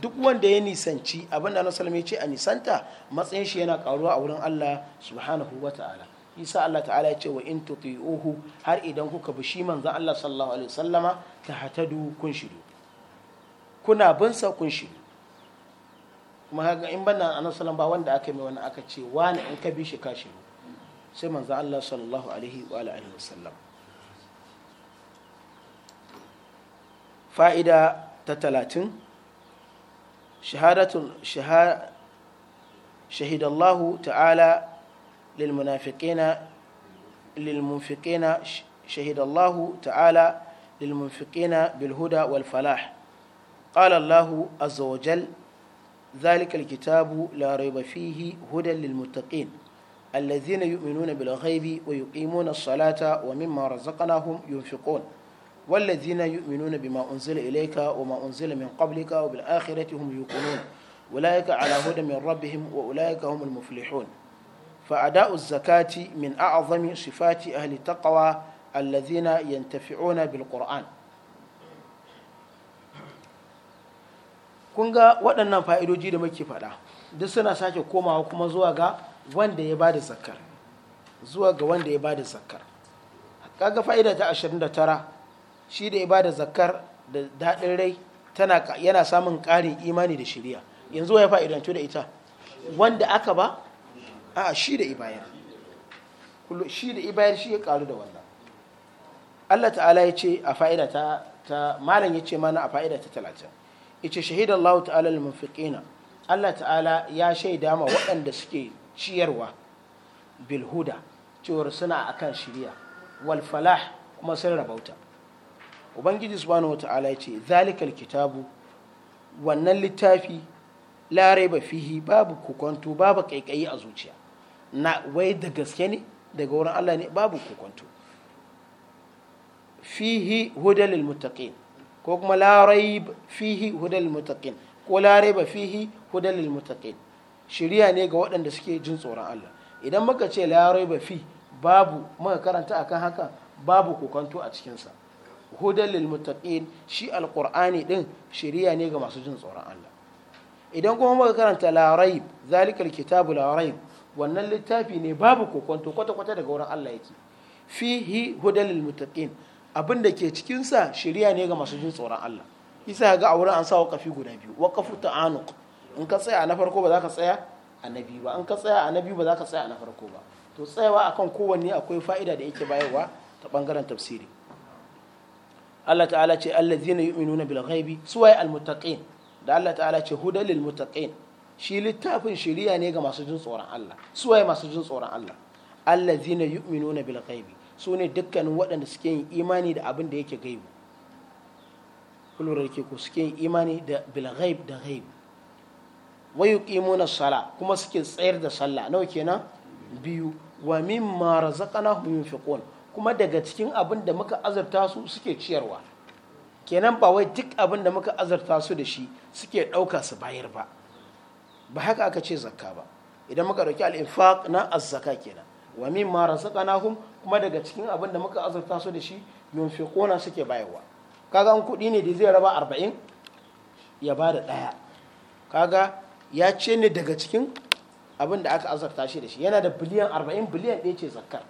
duk wanda ya nisanci abin da Annabi ya ce a nisanta matsayin shi yana karuwa a wurin Allah subhanahu wa ta'ala isa Allah ta'ala ya ce wa in tuti'uhu har idan kuka bi shi manzon Allah sallallahu alaihi wasallama ta hatadu kun shidu kuna bin sa kun shidu kuma haka in bana Annabi sallallahu ba wanda aka mai wani aka ce wani in ka bi shi ka shidu sai manzon Allah sallallahu alaihi wa alihi wasallam fa'ida ta talatin shahadatun shahidallahu ta'ala lilmunafiqina lilmunfiqina shahidallahu ta'ala lilmunfiqina bilhuda wal falah qala Allahu azza wa jal ذلك الكتاب لا ريب فيه هدى للمتقين الذين يؤمنون بالغيب ويقيمون الصلاة ومما رزقناهم ينفقون والذين يؤمنون بما أنزل إليك وما أنزل من قبلك وبالآخرة هم يوقنون أولئك على هدى من ربهم وأولئك هم المفلحون فأداء الزكاة من أعظم صفات أهل التقوى الذين ينتفعون بالقرآن kunga waɗannan fa'idoji da muke faɗa duk suna sake komawa kuma zuwa ga wanda ya bada zakkar zuwa ga wanda ya bada zakkar kaga fa'ida ta 29 shi da ya da zakar da daɗin rai yana samun ƙarin imani da shirya yanzu ya fa'idantu da ita wanda aka ba a shi da ibayar shi da ibayar shi ya ƙaru da wannan Allah ta'ala ya ce a fa'ida ta ta malam ya ce mana a fa'ida ta talatin ita shahid Allah ta'ala al-munfiqina Allah ta'ala ya shaida ma waɗanda suke ciyarwa bilhuda cewar suna akan shirya wal falah kuma sun rabauta ubangiji subhanahu wata'ala ya ce zalikal kitabu wannan littafi larai ba fihi babu kokonto babu kaikayi a zuciya na wai da gaske ne daga wurin Allah ne babu kokonto fihi hudalil muttaqin ko kuma larai fihi hudalil muttaqin ko larai ba fihi hudalil muttaqin shiriya ne ga waɗanda suke jin tsoron Allah idan muka ce larai ba fi babu muka karanta akan haka babu kokonto a cikinsa hudan lil muttaqin shi alqur'ani din shiriya ne ga masu jin tsoron Allah idan kuma muka karanta la raib zalikal kitabu la raib wannan littafi ne babu kokonto kwata kwata daga wurin Allah yake fihi hudan lil muttaqin abin da ke cikin sa shiriya ne ga masu jin tsoron Allah isa ga auren an sa waqafi guda biyu waqafu ta'anuq in ka tsaya na farko ba za ka tsaya a na biyu ba in ka tsaya a na biyu ba za ka tsaya a na farko ba to tsayawa akan kowanne akwai fa'ida da yake bayarwa ta bangaren tafsiri Allah ta'ala ce allazina yu'minuna bil ghaibi suwaye almuttaqin da Allah ta'ala ce hudal lil muttaqin shi littafin shiriya ne ga masu jin tsoron Allah suwaye masu jin tsoron Allah allazina yu'minuna bil ghaibi su ne dukkanin waɗanda suke yin imani da abin da yake gaibu kullurar ke ku suke yin imani da bil ghaib da ghaib wa yuqimuna sala kuma suke tsayar da sallah nawa kenan biyu wa mimma razaqnahum yunfiqun kuma daga cikin abin da muka azurta su suke ciyarwa kenan ba wai duk abin da muka azurta su da shi suke ɗauka su bayar ba ba haka aka ce zakka ba idan muka ɗauki al'infaq na azzaka kenan wa min ma razaqnahum kuma daga cikin abin da muka azurta su da shi yunfiquna suke bayarwa kaga an kuɗi ne da zai raba arba'in ya ba da ɗaya kaga ya ce ne daga cikin abin da aka azurta shi da shi yana da biliyan arba'in biliyan ɗaya ce zakkar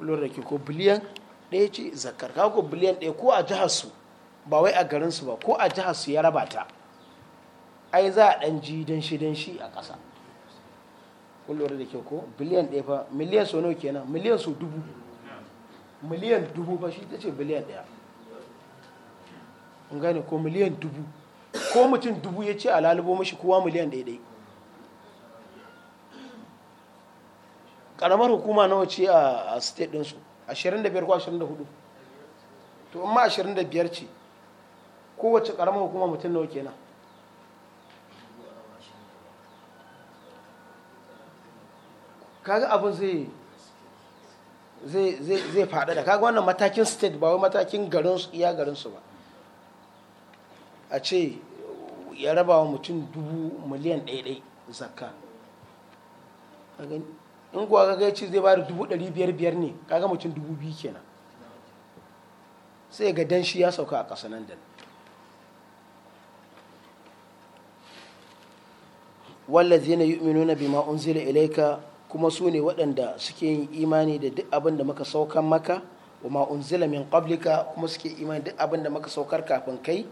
kullum da ke ko biliyan ɗaya ce zakar ka ko biliyan ɗaya ko a jihar su ba wai a garin su ba ko a jihar su ya raba ta ai za a ɗan ji dan shi dan shi a ƙasa kullum da ke ko biliyan ɗaya fa miliyan su nawa kenan miliyan su dubu miliyan dubu ba shi ta ce biliyan ɗaya in gane ko miliyan dubu ko mutum dubu ya ce a lalubo mashi kowa miliyan ɗaya ɗaya karamar hukuma nawa ce a state ɗinsu 25 ko 24 to in ma 25 ce kowace karamar hukuma mutum nawa kenan kaga abin zai zai faɗa da kaga wannan matakin state ba wai matakin garin su, iya garin su ba a ce ya raba wa mutum dubu miliyan ɗaiɗai zakka in kuwa kaga ya ce zai ba da dubu ɗari biyar biyar ne kaga mutum dubu biyu kenan sai ga dan shi ya sauka a ƙasa nan da bi na bima unzila ilaika kuma su ne waɗanda suke yin imani da duk abin da muka saukan maka wa ma unzila min qablika kuma suke imani duk abin da muka saukar kafin kai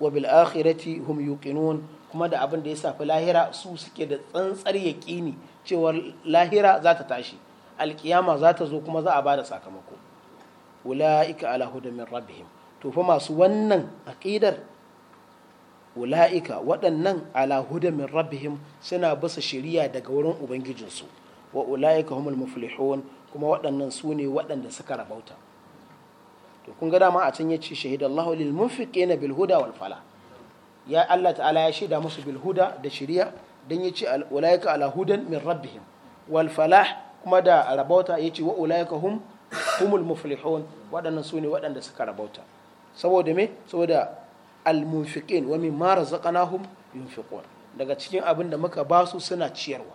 wa bil akhirati hum yuqinun kuma da abin da ya safi lahira su suke da tsantsar yaqini cewar lahira za ta tashi alkiyama za ta zo kuma za a bada sakamako wulaika ala hudan min to fa masu wannan aqidar ula'ika waɗannan ala hudan min suna basa shiriya daga wurin ubangijinsu wa ula'ika humul muflihun kuma waɗannan su ne waɗanda suka rabauta to kun ga dama a can ya ce shahidallahu lil munfiqina bil huda wal fala ya Allah ta'ala ya shaida musu bil huda da shiriya don ya ce ulaika ala min rabbihim wal falah kuma da rabauta ya ce wa ulaika hum humul muflihun waɗannan su ne waɗanda suka rabauta saboda me saboda almunfiqin wa mimma razaqnahum yunfiqun daga cikin abin da muka ba su suna ciyarwa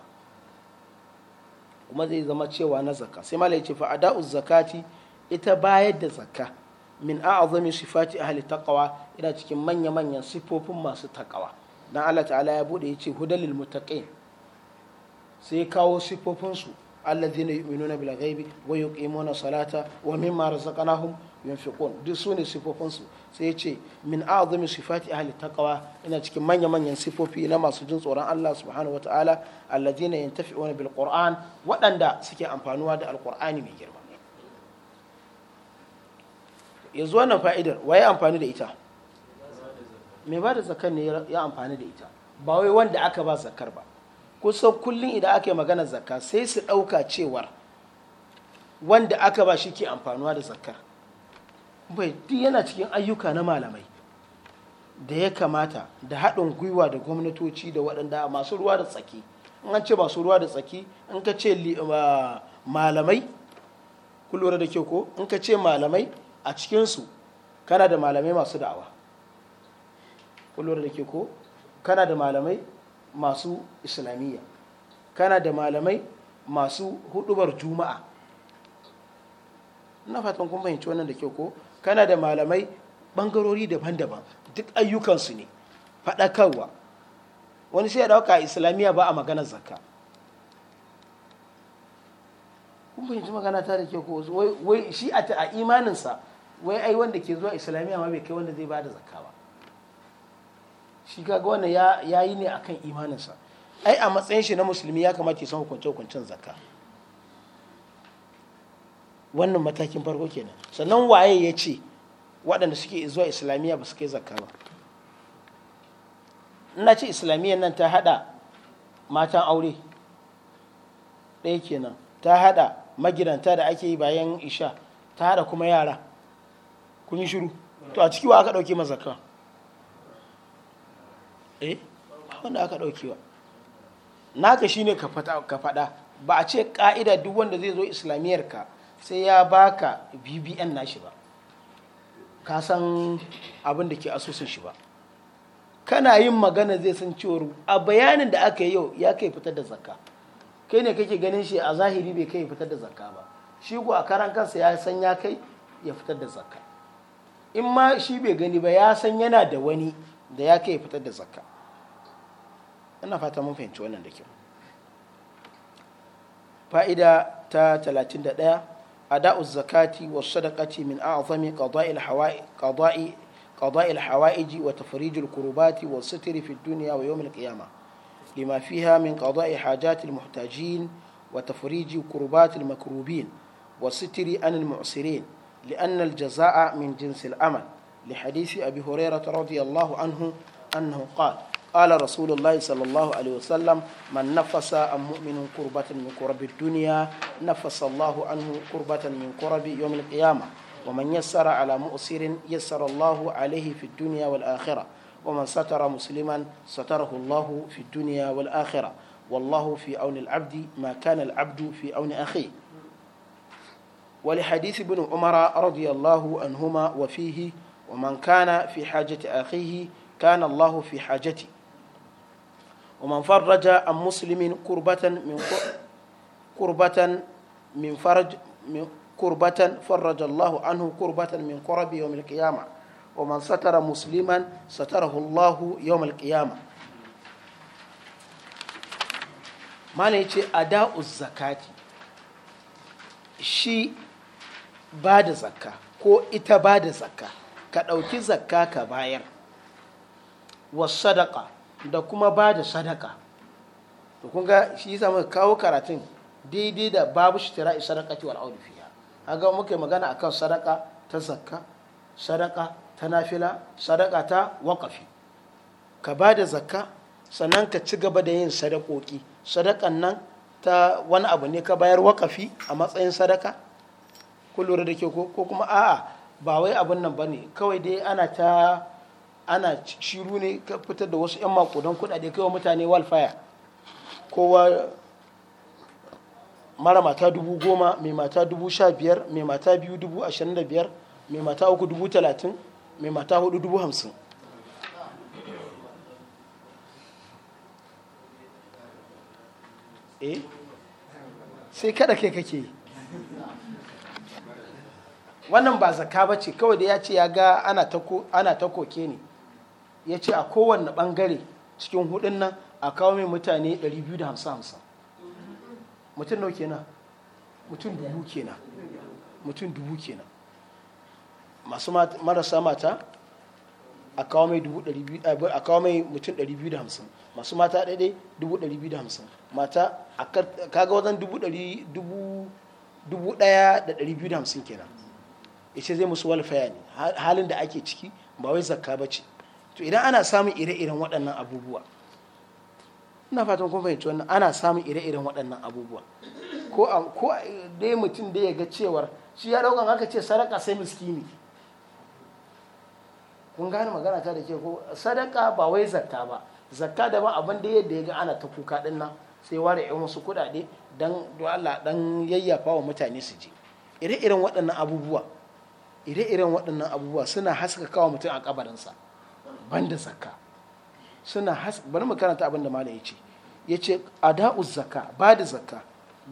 kuma zai zama cewa na zakka sai malai ce fa ada'uz zakati ita bayar da zakka min a'azami sifati ahli taqwa ina cikin manya manyan sifofin masu taqwa dan Allah ta'ala ya bude yace hudalil muttaqin sai kawo siffofin su alladhina yu'minuna bil ghaibi wa yuqimuna salata wa mimma razaqnahum yunfiqun duk su ne siffofin su sai yace min a'zami sifati ahli taqwa ina cikin manya manyan siffofi na masu jin tsoron Allah subhanahu wataala alladhina yantafi'una bil qur'an waɗanda suke amfanuwa da alqur'ani mai girma yanzu wannan fa'idar waye amfani da ita mai ba da zakar ne ya amfani da ita ba wai wanda aka ba zakar ba kusan kullum idan aka yi magana zakka sai su ɗauka cewar wanda aka ba shi ke amfanuwa da zakar bai duk yana cikin ayyuka na malamai da ya kamata da haɗin gwiwa da gwamnatoci da waɗanda masu ruwa da tsaki in an ce masu ruwa da tsaki in ka ce malamai kullum da kyau ko in ka ce malamai a cikinsu kana da malamai masu da'awa kullum da ke ko kana da malamai masu islamiyya kana da malamai masu hudubar juma'a na fatan kun fahimci wannan da ke ko kana da malamai bangarori daban-daban duk ayyukansu ne faɗakarwa wani sai ya dauka islamiyya ba a maganar zakka kun fahimci magana ta da ke ko wai shi a imaninsa wai ai wanda ke zuwa islamiyya ma bai kai wanda zai ba da zakka ba shi kaga wannan ya yi ne akan imaninsa ai a matsayin shi na musulmi ya kamata ya san hukunce-hukuncen zakka wannan matakin farko kenan sannan waye ya ce waɗanda suke zuwa islamiyya ba su kai zakka ba ina ce islamiyya nan ta haɗa matan aure ɗaya kenan ta haɗa magidanta da ake yi bayan isha ta haɗa kuma yara kun yi shiru to a ciki wa aka ɗauke zakka. eh wanda aka ɗaukewa naka shine ka ka faɗa ba a ce ka'ida duk wanda zai zo islamiyar ka sai ya baka bbn shi ba ka san abin da ke asusun shi ba kana yin magana zai san cewar a bayanin da aka yi yau ya kai fitar da zakka kai ne kake ganin shi a zahiri bai kai fitar da zakka ba shi ko a karan kansa ya san ya kai ya fitar da zakka in ma shi bai gani ba ya san yana da wani da ya kai fitar da zakka ina fata mun fahimci wannan da kyau fa'ida ta 31 ada'uz zakati was sadaqati min a'zami qada'il hawa'i qada'i qada'il hawa'iji wa tafrijul kurbati wa sitri fi dunya wa yawmil qiyamah lima fiha min qada'i hajatil muhtajin wa tafriji kurbatil makrubin wa sitri anil mu'sirin لأن الجزاء من جنس العمل لحديث أبي هريرة رضي الله عنه أنه قال قال رسول الله صلى الله عليه وسلم من نفس عن مؤمن كربة من كرب الدنيا نفس الله عنه كربة من كرب يوم القيامة ومن يسر على مؤسر يسر الله عليه في الدنيا والآخرة ومن ستر مسلما ستره الله في الدنيا والآخرة والله في عون العبد ما كان العبد في عون أخيه ولحديث ابن عمر رضي الله عنهما وفيه ومن كان في حاجة أخيه كان الله في حاجته ومن فرج عن مسلم كربة من كربة من فرج من كربة فرج الله عنه كربة من كرب يوم القيامة ومن ستر مسلما ستره الله يوم القيامة ما نيجي أداء الزكاة شي بعد زكاة ko ita ba da zakka ka ɗauki zakka ka bayar wasu sadaka da kuma ba da sadaka to kun ga shi yasa muka kawo karatun daidai da babu shi shitira'i sadaqati wal audi fiha kaga muka magana akan sadaka ta zakka sadaka ta nafila sadaka ta wakafi. ka ba da zakka sannan ka ci gaba da yin sadakoki sadakan nan ta wani abu ne ka bayar wakafi a matsayin sadaka ku lura da ke ko kuma a'a ba wai abin nan bane kawai dai ana ta ana shiru ne ka fitar da wasu 'yan makudan kudade kai wa mutane walfaya kowa mara mata dubu goma mai mata dubu sha biyar mai mata biyu dubu ashirin da biyar mai mata uku dubu talatin mai mata hudu dubu hamsin eh sai kada kai kake yi wannan ba zaka ba ce kawai da ya ce ya ga ana ta koke ne ya ce a kowane bangare cikin hudun nan a kawo mai mutane 250 mutum nau kenan mutum dubu kenan mutum dubu kenan masu marasa mata a kawo mai mutum 250 masu mata daidai 250 mata a kaga wajen 1,250 kenan ya ce zai musu walfaya ne halin da ake ciki ba wai zakka ba ce to idan ana samun ire-iren waɗannan abubuwa ina fatan kun fahimci wannan ana samun ire-iren waɗannan abubuwa ko ko dai mutum da ya ga cewar shi ya ɗaukan aka ce sadaka sai miskini kun gane magana ta da ke ko sadaka ba wai zakka ba zakka da ba abin da yadda ya ga ana ta kuka din nan sai ware yan wasu kuɗaɗe dan Allah dan yayyafa wa mutane su je ire-iren waɗannan abubuwa ire-iren waɗannan abubuwa suna haskaka wa mutum a kabarinsa da zakka suna bari mu karanta abin da malam yace, yace ya ce zakka ba da zakka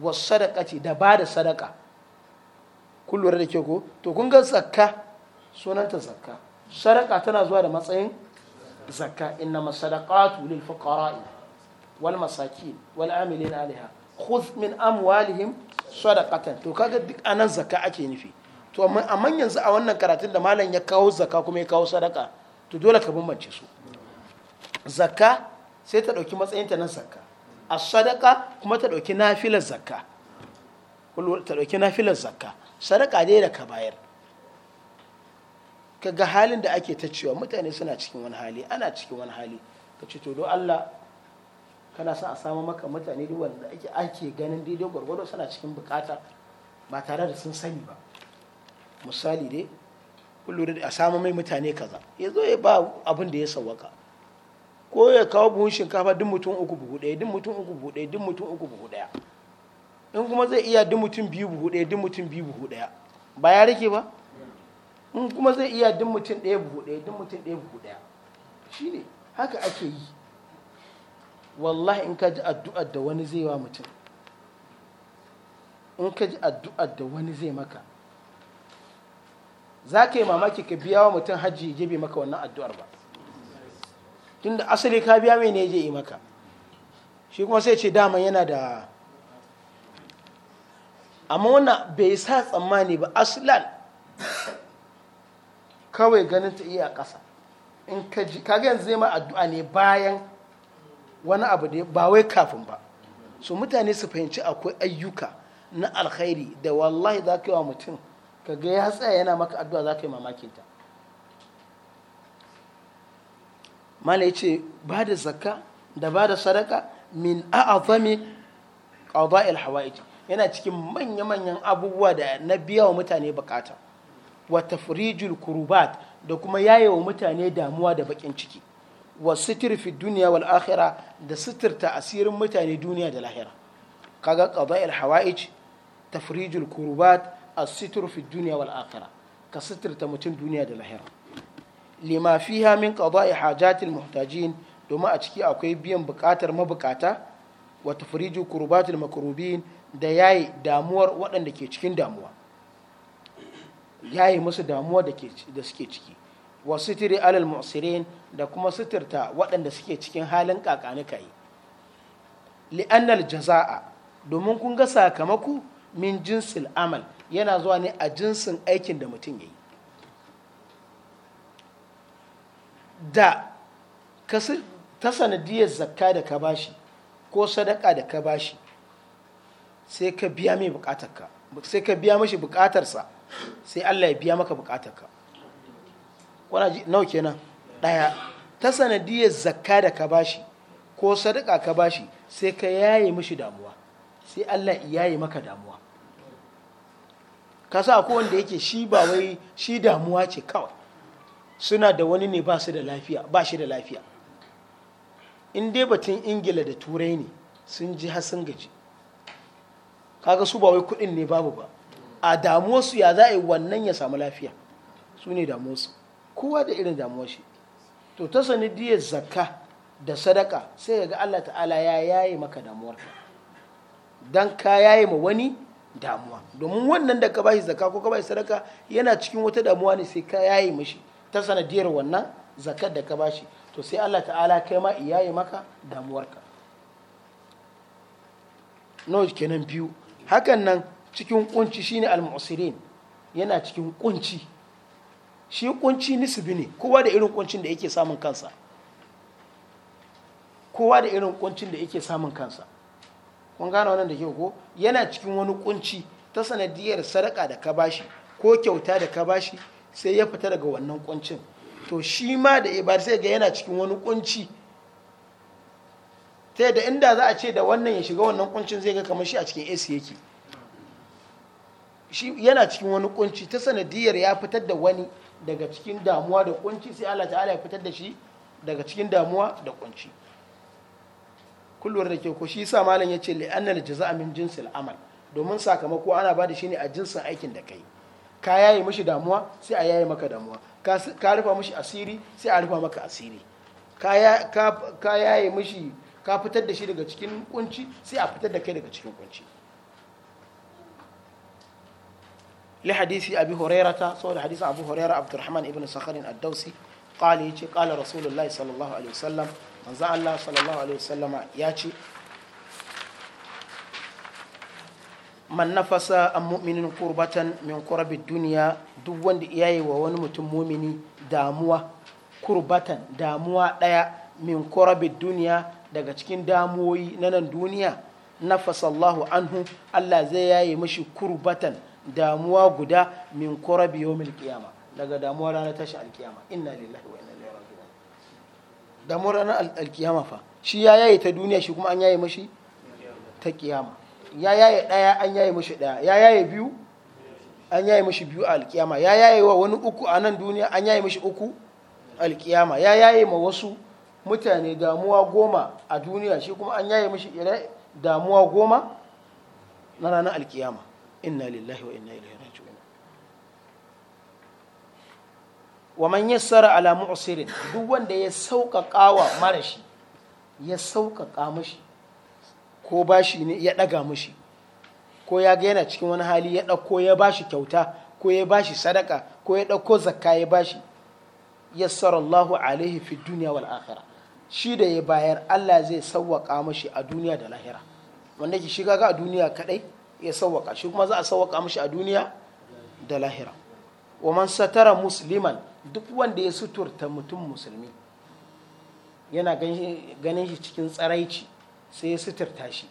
wa sadaka ce da ba da sadaka kun da ke ko to kun ga zakka sunanta zakka sadaka tana zuwa da matsayin zakka inna masadaqatu lil fuqara'i wal masakin wal amilin alaiha khudh min amwalihim sadaqatan to kaga duk anan zakka ake nufi to amma yanzu a wannan karatun da malam ya kawo zakka kuma ya kawo sadaka to dole ka bambance su zakka sai ta ɗauki matsayinta na zakka a sadaka kuma ta ɗauki nafilar zakka ta ɗauki nafilar zakka sadaka dai da ka bayar ka ga halin da ake ta cewa mutane suna cikin wani hali ana cikin wani hali ka ce to don allah kana son a samu maka mutane duk wanda ake ake ganin daidai gwargwado suna cikin bukata ba tare da sun sani ba misali dai kullum a samu mai mutane kaza ya zo ya ba abin da ya sawaka ko ya kawo buhun shinkafa duk mutum uku buhu ɗaya duk mutum uku buhu ɗaya duk mutum uku buhu ɗaya in kuma zai iya duk mutum biyu buhu ɗaya duk mutum biyu buhu ɗaya ba ya rike ba in kuma zai iya duk mutum ɗaya buhu ɗaya duk mutum ɗaya buhu ɗaya ne haka ake yi wallahi in ka ji addu'ar da wani zai wa mutum in ka ji addu'ar da wani zai maka za ka yi mamaki ka biya wa mutum hajji ya bai maka wannan addu'ar ba tunda asali ka biya mai ne ya yi maka shi kuma sai ce dama yana da amma wannan bai sa tsammani ba aslan kawai ganin ta iya ƙasa in ka ji ka yanzu zai ma addu'a ne bayan wani abu da ba wai kafin ba Su mutane su fahimci akwai ayyuka na alkhairi da wallahi za ka yi wa mutum ka ga ya tsaya yana maka addu'a za ka yi mamakin ta mala ya ce ba da zakka da ba da sadaka min a'azami qada'il hawaij yana cikin manya-manyan abubuwa da na biya wa mutane bukata wa tafrijul kurubat da kuma yaye wa mutane damuwa da bakin ciki wa sitir fi duniya wal akhira da sitirta asirin mutane duniya da lahira kaga qada'il hawaij tafrijul kurubat a sitru fi duniya wal akhirah ka sitirta mutum duniya da lahira lima fiha min qada'i hajatil muhtajin domin a ciki akwai biyan bukatar mabukata wa tafriju kurbatul makrubin da yayi damuwar waɗanda ke cikin damuwa yayi musu damuwa da suke ciki wa sitiri alal mu'sirin da kuma sitirta waɗanda suke cikin halin kakanika yi li'annal jaza'a domin kun ga sakamako min jinsil amal yana zuwa ne a jinsin aikin da mutum ya yi da ta sanadiyar zakka da ka bashi ko sadaka da ka bashi sai ka biya mai bukatarka sai ka biya mashi bukatarsa sai Allah ya biya maka bukatarka wana ji nau kenan daya ta sanadiyar zakka da ka bashi ko sadaka ka bashi sai ka yaye mashi damuwa sai Allah ya yaye maka damuwa ka sa akwai wanda yake shi ba wai shi damuwa ce kawai suna da wani ne ba su da lafiya ba shi da lafiya in dai batun ingila da turai ne sun ji har gaji kaga su ba wai kudin ne babu ba a damuwarsu ya za a yi wannan ya samu lafiya su ne damuwarsu kowa da irin damuwar shi to ta sanidiyar zakka da sadaka sai ga Allah ta'ala ya yaye maka damuwarka dan ka yaye ma wani damuwa domin wannan da ka bashi zaka ko ka bashi sadaka yana cikin wata damuwa ne sai ka yaye mishi ta sanadiyar wannan zakar da ka bashi to sai Allah ta'ala kai ma iyaye maka damuwarka no kenan biyu hakan nan cikin kunci shine al-mu'sirin yana cikin kunci shi kunci nisbi ne kowa da irin kuncin da yake samun kansa kowa da irin kuncin da yake samun kansa kun gane wannan da ke ko yana cikin wani kunci ta sanadiyar sadaka da ka bashi ko kyauta da ka bashi sai ya fita daga wannan kuncin to shi ma da ibar sai ga yana cikin wani kunci ta yadda inda za a ce da wannan ya shiga wannan kuncin zai ga kamar shi a cikin AC yake shi yana cikin wani kunci ta sanadiyar ya fitar da wani daga cikin damuwa da kunci sai Allah ta'ala ya fitar da shi daga cikin damuwa da kunci kullum da ke ko shi sa malam ya ce li'annal jaza'a min jinsil amal domin sakamako ana ba da shi ne a jinsin aikin da kai ka yaye mishi damuwa sai a yaye maka damuwa ka rufa mishi asiri sai a rufa maka asiri ka yaye mishi ka fitar da shi daga cikin kunci sai a fitar da kai daga cikin kunci li hadisi abi hurairata saboda hadisin abu hurairah abdurrahman ibn sakharin ad-dausi qala yace qala rasulullahi sallallahu alaihi wasallam manzo Allah sallallahu alaihi wasallama ya ce man nafasa an mu'minin kurbatan min kurabi duniya duk wanda ya yi wa wani mutum mumini damuwa kurbatan damuwa daya min kurabi duniya daga cikin damuwoyi na nan duniya nafasa Allahu anhu Allah zai yaye mashi kurbatan damuwa guda min kurabi yawmil kiyama daga damuwa ranar tashi alkiyama inna lillahi wa inna damuwar ranar alkiyama fa shi ya yaye ta duniya shi kuma an yaye mashi ta kiyama ya yaye ɗaya an yaye mashi ɗaya ya yaye biyu an yaye mashi biyu a alkiyama ya yaye wa wani uku a nan duniya an yaye mashi uku alkiyama ya yaye ma wasu mutane damuwa goma a duniya shi kuma an yaye mashi ire damuwa goma na ranar alkiyama inna lillahi wa inna ilaihi wa man yassara ala mu'sirin duk wanda ya sauƙaƙa wa marashi ya sauƙaƙa mashi ko bashi ne ya ɗaga mashi ko ya ga yana cikin wani hali ya ɗauko ya bashi kyauta ko ya bashi sadaka ko ya ɗauko zakka ya bashi yassara Allahu alaihi fi duniya wal akhirah shi da ya bayar Allah zai sauwaƙa mashi a duniya da lahira wanda ke shiga ga duniya kadai ya sauwaƙa shi kuma za a sauka mashi a duniya da lahira wa man satara musliman duk wanda ya suturta mutum musulmi yana ganin shi cikin tsaraici sai ya suturta shi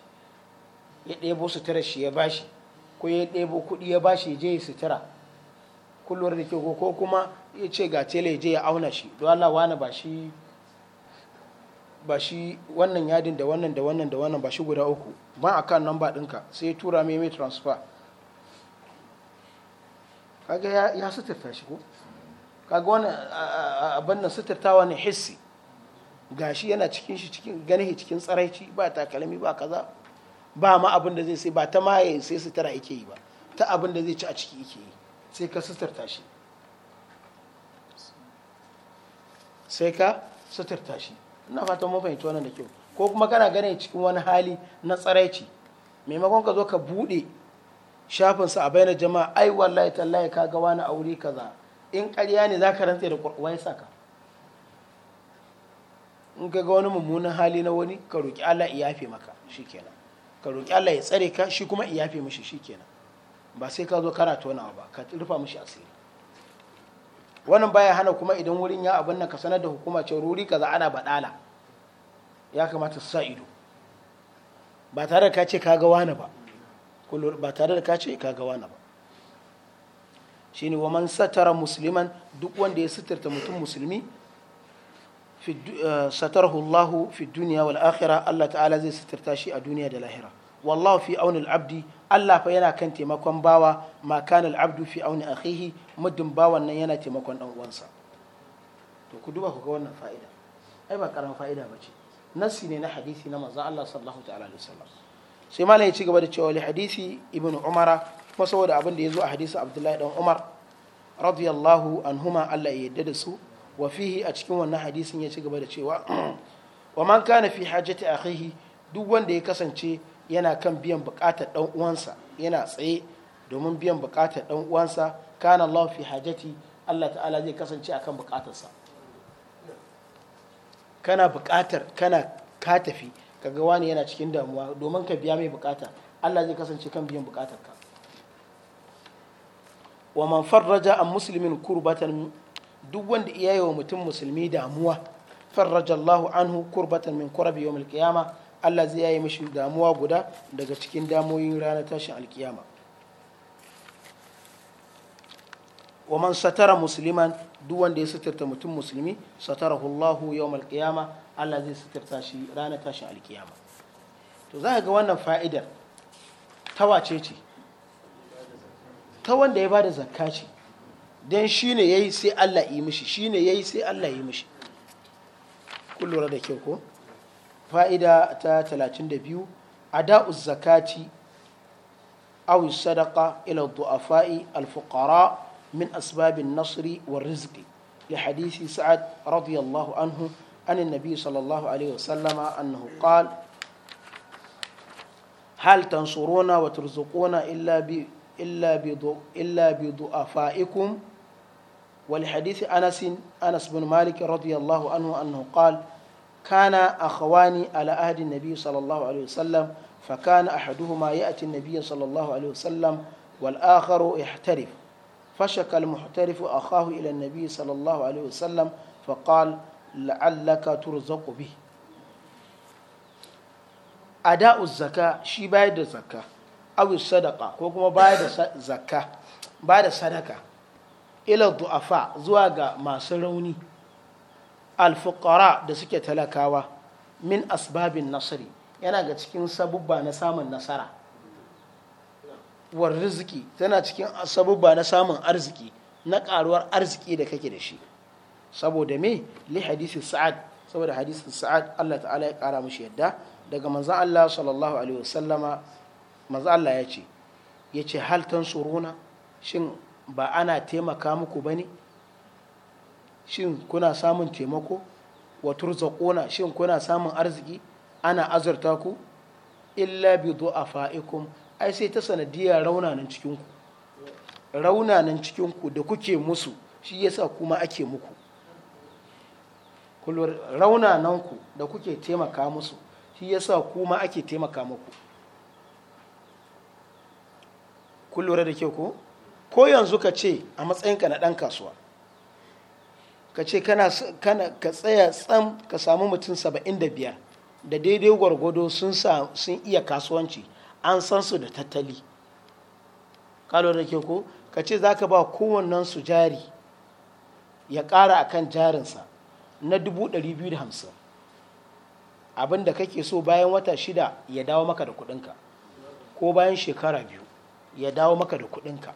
ya ɗebo sutura shi ya bashi ko ya ɗebo kuɗi ya bashi ya je ya sutura kullum da ke ko kuma ya ce ga tele je ya auna shi don Allah wani ba shi ba shi wannan yadin da wannan da wannan da wannan ba shi guda uku ba a kan namba ɗinka sai ya tura mai mai transfer kaga ya suturta shi ko kaga wani abin nan suturtawa ne hissi gashi yana cikin shi cikin ganihi cikin tsaraici ba takalmi ba kaza ba ma abin da zai sai ba ta maye sai sutura yake yi ba ta abin da zai ci a ciki yake yi sai ka suturta shi sai ka suturta shi ina fata mun fahimci wannan da kyau ko kuma kana ganin cikin wani hali na tsaraici maimakon ka zo ka bude shafinsa a bayanar jama'a ai wallahi tallahi ka ga wani aure kaza in karya ne za ka rantse da wai saka in ka ga wani mummunan hali na wani ka roƙi Allah ya yafe maka shikenan ka roƙi Allah ya tsare ka shi kuma ya yafe mishi shikenan ba sai ka zo kana tonawa ba ka rufa mishi asiri wannan baya hana kuma idan wurin ya abin nan ka sanar da hukuma ce ruri kaza ana badala ya kamata su sa ido ba tare da ka ce ka ga wani ba Kullum ba tare da ka ce ka ga wani ba shine wa man satara musulman duk wanda ya suturta mutum musulmi eh, satarahu Allahu fi duniya wal akhirah Allah ta'ala zai suturta shi a duniya da lahira wallahu fi auni abdi Allah fa yana kan taimakon bawa ma kana al-abdu fi auni akhihi muddin bawan nan yana taimakon dan uwansa to ku duba ku ga wannan fa'ida ai ba karan fa'ida bace nasi ne na hadisi na manzon Allah sallallahu ta'ala alaihi wasallam sai malam ya ci gaba da cewa li hadisi ibnu umara kuma saboda abin da ya zo a hadisi abdullahi dan umar radiyallahu anhuma Allah ya yarda da su wa fihi a cikin wannan hadisin ya ci gaba da cewa wa man kana fi hajjati akhihi duk wanda ya kasance yana kan biyan bukatar dan uwansa yana tsaye domin biyan bukatar dan uwansa kana Allah fi hajjati Allah ta'ala zai kasance akan bukatarsa kana bukatar kana ka tafi ka ga wani yana cikin damuwa domin ka biya mai bukata Allah zai kasance kan biyan ka wa man farraja an muslimin kurbatan duk wanda iya yi wa mutum musulmi damuwa farraja Allahu anhu kurbatan min kurabi yawmil qiyama Allah zai yayi mishi damuwa guda daga cikin damoyin ranar tashin alkiyama wa man satara musliman duk wanda ya suturta mutum musulmi satarahu Allahu yau qiyama Allah zai suturta shi ranar tashin alkiyama to za ka ga wannan fa'idar ta wace ce ta wanda ya ba da zakka ce don shi ne ya yi sai Allah yi mishi shi ne ya yi sai Allah yi mishi kun da kyau ko fa'ida ta a ada'uz zakati aw sadaka ila du'afa'i al min asbabin nasri wa rizqi li hadisi sa'ad radiyallahu anhu عن النبي صلى الله عليه وسلم أنه قال هل تنصرون وترزقون إلا ب إلا إلا بضعفائكم ولحديث أنس أنس بن مالك رضي الله عنه أنه قال كان أخوان على عهد النبي صلى الله عليه وسلم فكان أحدهما يأتي النبي صلى الله عليه وسلم والآخر يحترف فشك المحترف أخاه إلى النبي صلى الله عليه وسلم فقال la'allaka turzaqu bi ada'u zaka shi bayar da zakka aw sadaqa ko kuma bayar da zakka bayar da sadaka ila du'afa zuwa ga masu rauni alfuqara da suke talakawa min asbabin nasari yana ga cikin sabubba na samun nasara war riziki tana cikin sabubba na samun arziki na karuwar arziki da kake da shi saboda me li hadisi sa'ad saboda hadisin sa'ad Allah ta'ala ya kara mushi yadda daga manzon Allah sallallahu alaihi wasallama manzon Allah ya ce ya ce hal tansuruna shin ba ana taimaka muku bane shin kuna samun taimako wa turzaquna shin kuna samun arziki ana azurta ku illa bi du'afaikum ai sai ta sanadiyar raunanan cikinku raunanan cikinku da kuke musu shi yasa kuma ake muku nan ku da kuke taimaka musu shi yasa kuma ake taimaka muku kun da ke ko ko yanzu ka ce a matsayinka na ɗan kasuwa ka ce ka tsaya tsam ka samu mutum saba'in da biyar da daidai gwargwado sun iya kasuwanci an san su da tattali ka da ke ku ka ce za ka ba kowannen su jari ya ƙara a kan jarinsa na 250 abin da kake so bayan wata shida ya dawo maka da kudinka ko bayan shekara biyu ya dawo maka da kudinka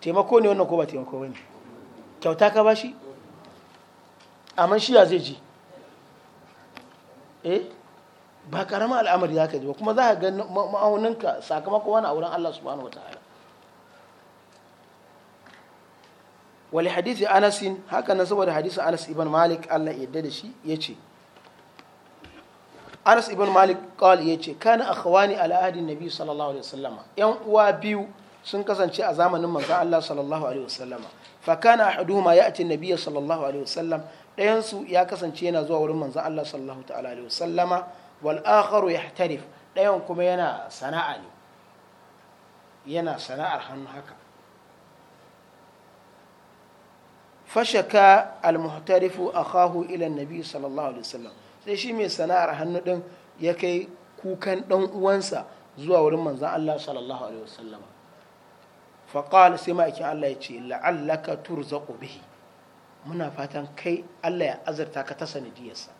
taimako ne wannan ko ba taimako ba ne kyauta ka ba shi amma shi ya zai ji eh ba karama al'amari za ka ji ba kuma za ka ga ma'auninka sakamakon wani a wurin allah subhanahu wa ta'ala wali hadisi anasin haka nan saboda hadisi anas ibn malik allah yadda da shi ya ce anas ibn malik qal ya kana akhwani ala ahdi nabi sallallahu alaihi wasallama yan uwa biyu sun kasance a zamanin manzon allah sallallahu alaihi wasallama fa kana ahaduhuma ya'ti nabiy sallallahu alaihi wasallam dayan su ya kasance yana zuwa wurin manzon allah sallallahu ta'ala alaihi wasallama wal akharu yahtarif dayan kuma yana sana'a ne yana sana'ar hannu haka fashaka almuhtarifu akahu ila nabi sallallahu alaihi wasallam sai shi mai sana'ar hannu din ya kai kukan dan uwansa zuwa wurin manzon Allah sallallahu alaihi wasallam qala sai ma'aikin Allah ya ce la'allaka turzaqu bihi muna fatan kai Allah ya azurta ka ta sanadiyarsa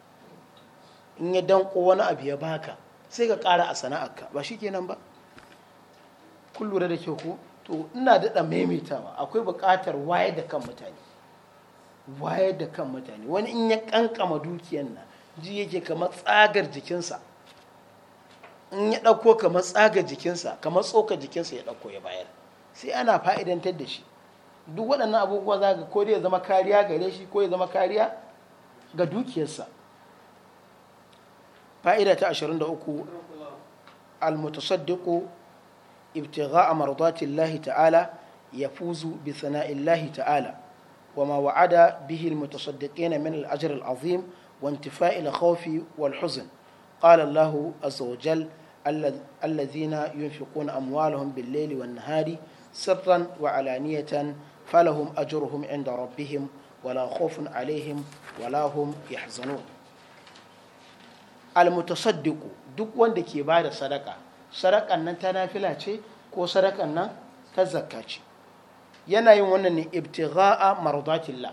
in ya danko wani abu ya baka sai ka ƙara a sana'arka ba shi kenan ba kun lura da kyau ko to ina daɗa maimaitawa akwai buƙatar wayar da kan mutane wayar da kan mutane wani in ya kankama dukiyan nan ji yake kamar tsagar jikinsa in ya ɗauko kamar tsagar jikinsa kamar tsoka jikinsa ya ɗauko ya bayar sai ana fa'idantar da shi duk waɗannan abubuwa za ga ko dai ya zama kariya gare shi ko ya zama kariya ga dukiyarsa fa'ida ta 23 al-mutasaddiqu ibtigha'a mardati lahi ta'ala yafuzu bi sana'illahi ta'ala وما وعد به المتصدقين من الأجر العظيم وانتفاء الخوف والحزن قال الله عز وجل الذين ينفقون أموالهم بالليل والنهار سرا وعلانية فلهم أجرهم عند ربهم ولا خوف عليهم ولا هم يحزنون المتصدق duk wanda ke ba da sadaka sadakan nan ta nafila ce ko sadakan nan ta zakka ce yana yin wannan ne ibtigha'a mardatillah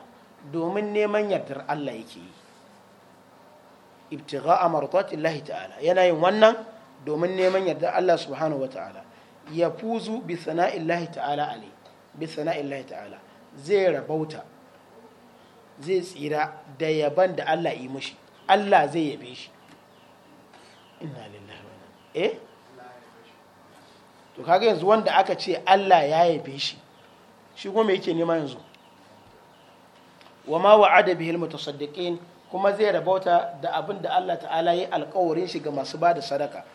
domin neman yardar Allah yake yi ibtigha'a mardatillahi ta'ala yana yin wannan domin neman yardar Allah subhanahu wata'ala ya fuzu bi sana'illahi ta'ala alai bi sana'illahi ta'ala zai rabauta zai tsira da yaban da Allah yi mushi Allah zai yabe shi inna lillahi wa eh to kaga yanzu wanda aka ce Allah ya yabe shi shi kuma yake nema yanzu wa ma wa'ada bihil mutasaddiqin kuma zai rabauta da abin da Allah ta'ala yi alkawarin shi ga masu ba da sadaka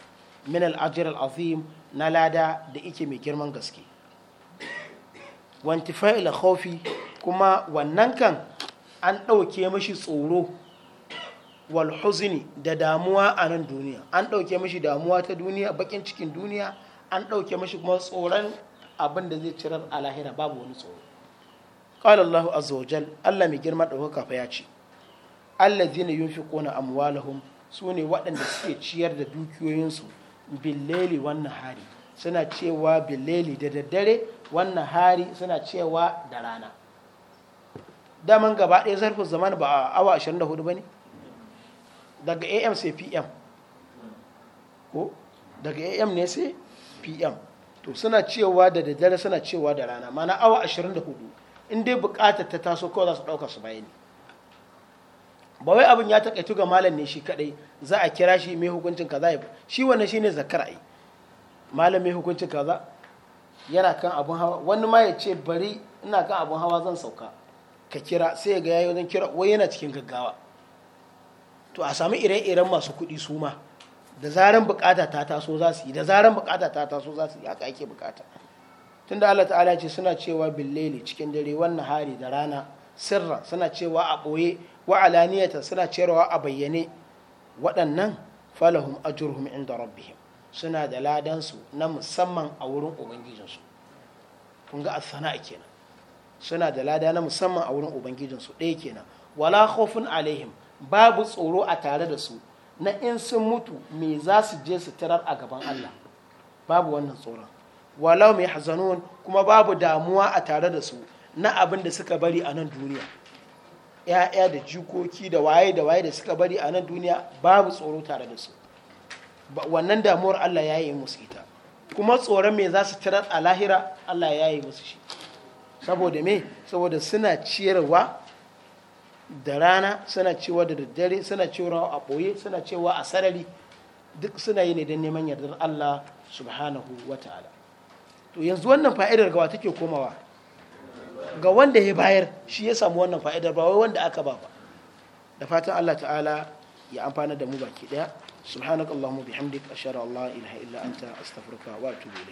min al-ajr al-azim na lada da ike mai girman gaske wanti fa'ila khawfi kuma wannan kan an ɗauke mashi tsoro wal huzni da damuwa a nan duniya an ɗauke mashi damuwa ta duniya bakin cikin duniya an ɗauke mashi kuma tsoron abin da zai cirar a lahira babu wani tsoro qala Allahu azza Allah mai girma ɗaukaka fa ya ce Allah allazina yunfiquna amwalahum sune waɗanda suke ciyar da dukiyoyinsu billeli wannan hari suna cewa billeli da daddare wannan hari suna cewa da rana daman gaba ɗaya zarfin zaman ba a awa 24 ba ne daga am sai pm ko daga am ne sai pm to suna cewa da daddare suna cewa da rana mana awa 24 in dai bukatar ta taso kawai za su ɗauka su bayani ba wai abin ya takaitu ga malam ne shi kadai za a kira shi mai hukuncin kaza ya shi wannan shine zakar ai malam mai hukuncin kaza yana kan abun hawa wani ma ya ce bari ina kan abun hawa zan sauka ka kira sai ya ga yayi wajen kira wai yana cikin gaggawa to a samu ire-iren masu kuɗi su ma da zaran bukata ta taso za su yi da zaran bukata ta taso za su yi haka ake bukata tunda Allah ta'ala ce suna cewa billeli cikin dare wannan hari da rana sirra suna cewa a ɓoye wa alaniyata suna cewa a bayyane waɗannan falahum ajurhum inda rabbihim suna da su na musamman a wurin ubangijinsu kun ga kenan suna da lada na musamman a wurin ubangijinsu ɗaya kenan wala khawfun alaihim babu tsoro a tare da su na in sun mutu me za su je su tarar a gaban Allah babu wannan tsoron walau mai hazanun kuma babu damuwa a tare da su na abin da suka bari a nan duniya ‘ya'ya da jikoki da waye da waye da suka bari a nan duniya babu tsoro tare da su wannan damuwar Allah ya yi musu ita kuma tsoron me za su tarar a lahira Allah ya yi musu shi saboda me saboda suna ciyarwa da rana suna cewa da daddare suna cewa a ɓoye suna cewa a sarari duk suna yi ne don neman yardar Allah subhanahu wa ta'ala to yanzu wannan fa'idar gawa take komawa ga wanda ya bayar shi ya samu wannan fa'idar ba wai wanda aka ba ba da fatan Allah ta'ala ya amfana da mu baki daya subhanahu allahumma bihamdik ashhadu an la ilaha illa anta astaghfiruka wa atubu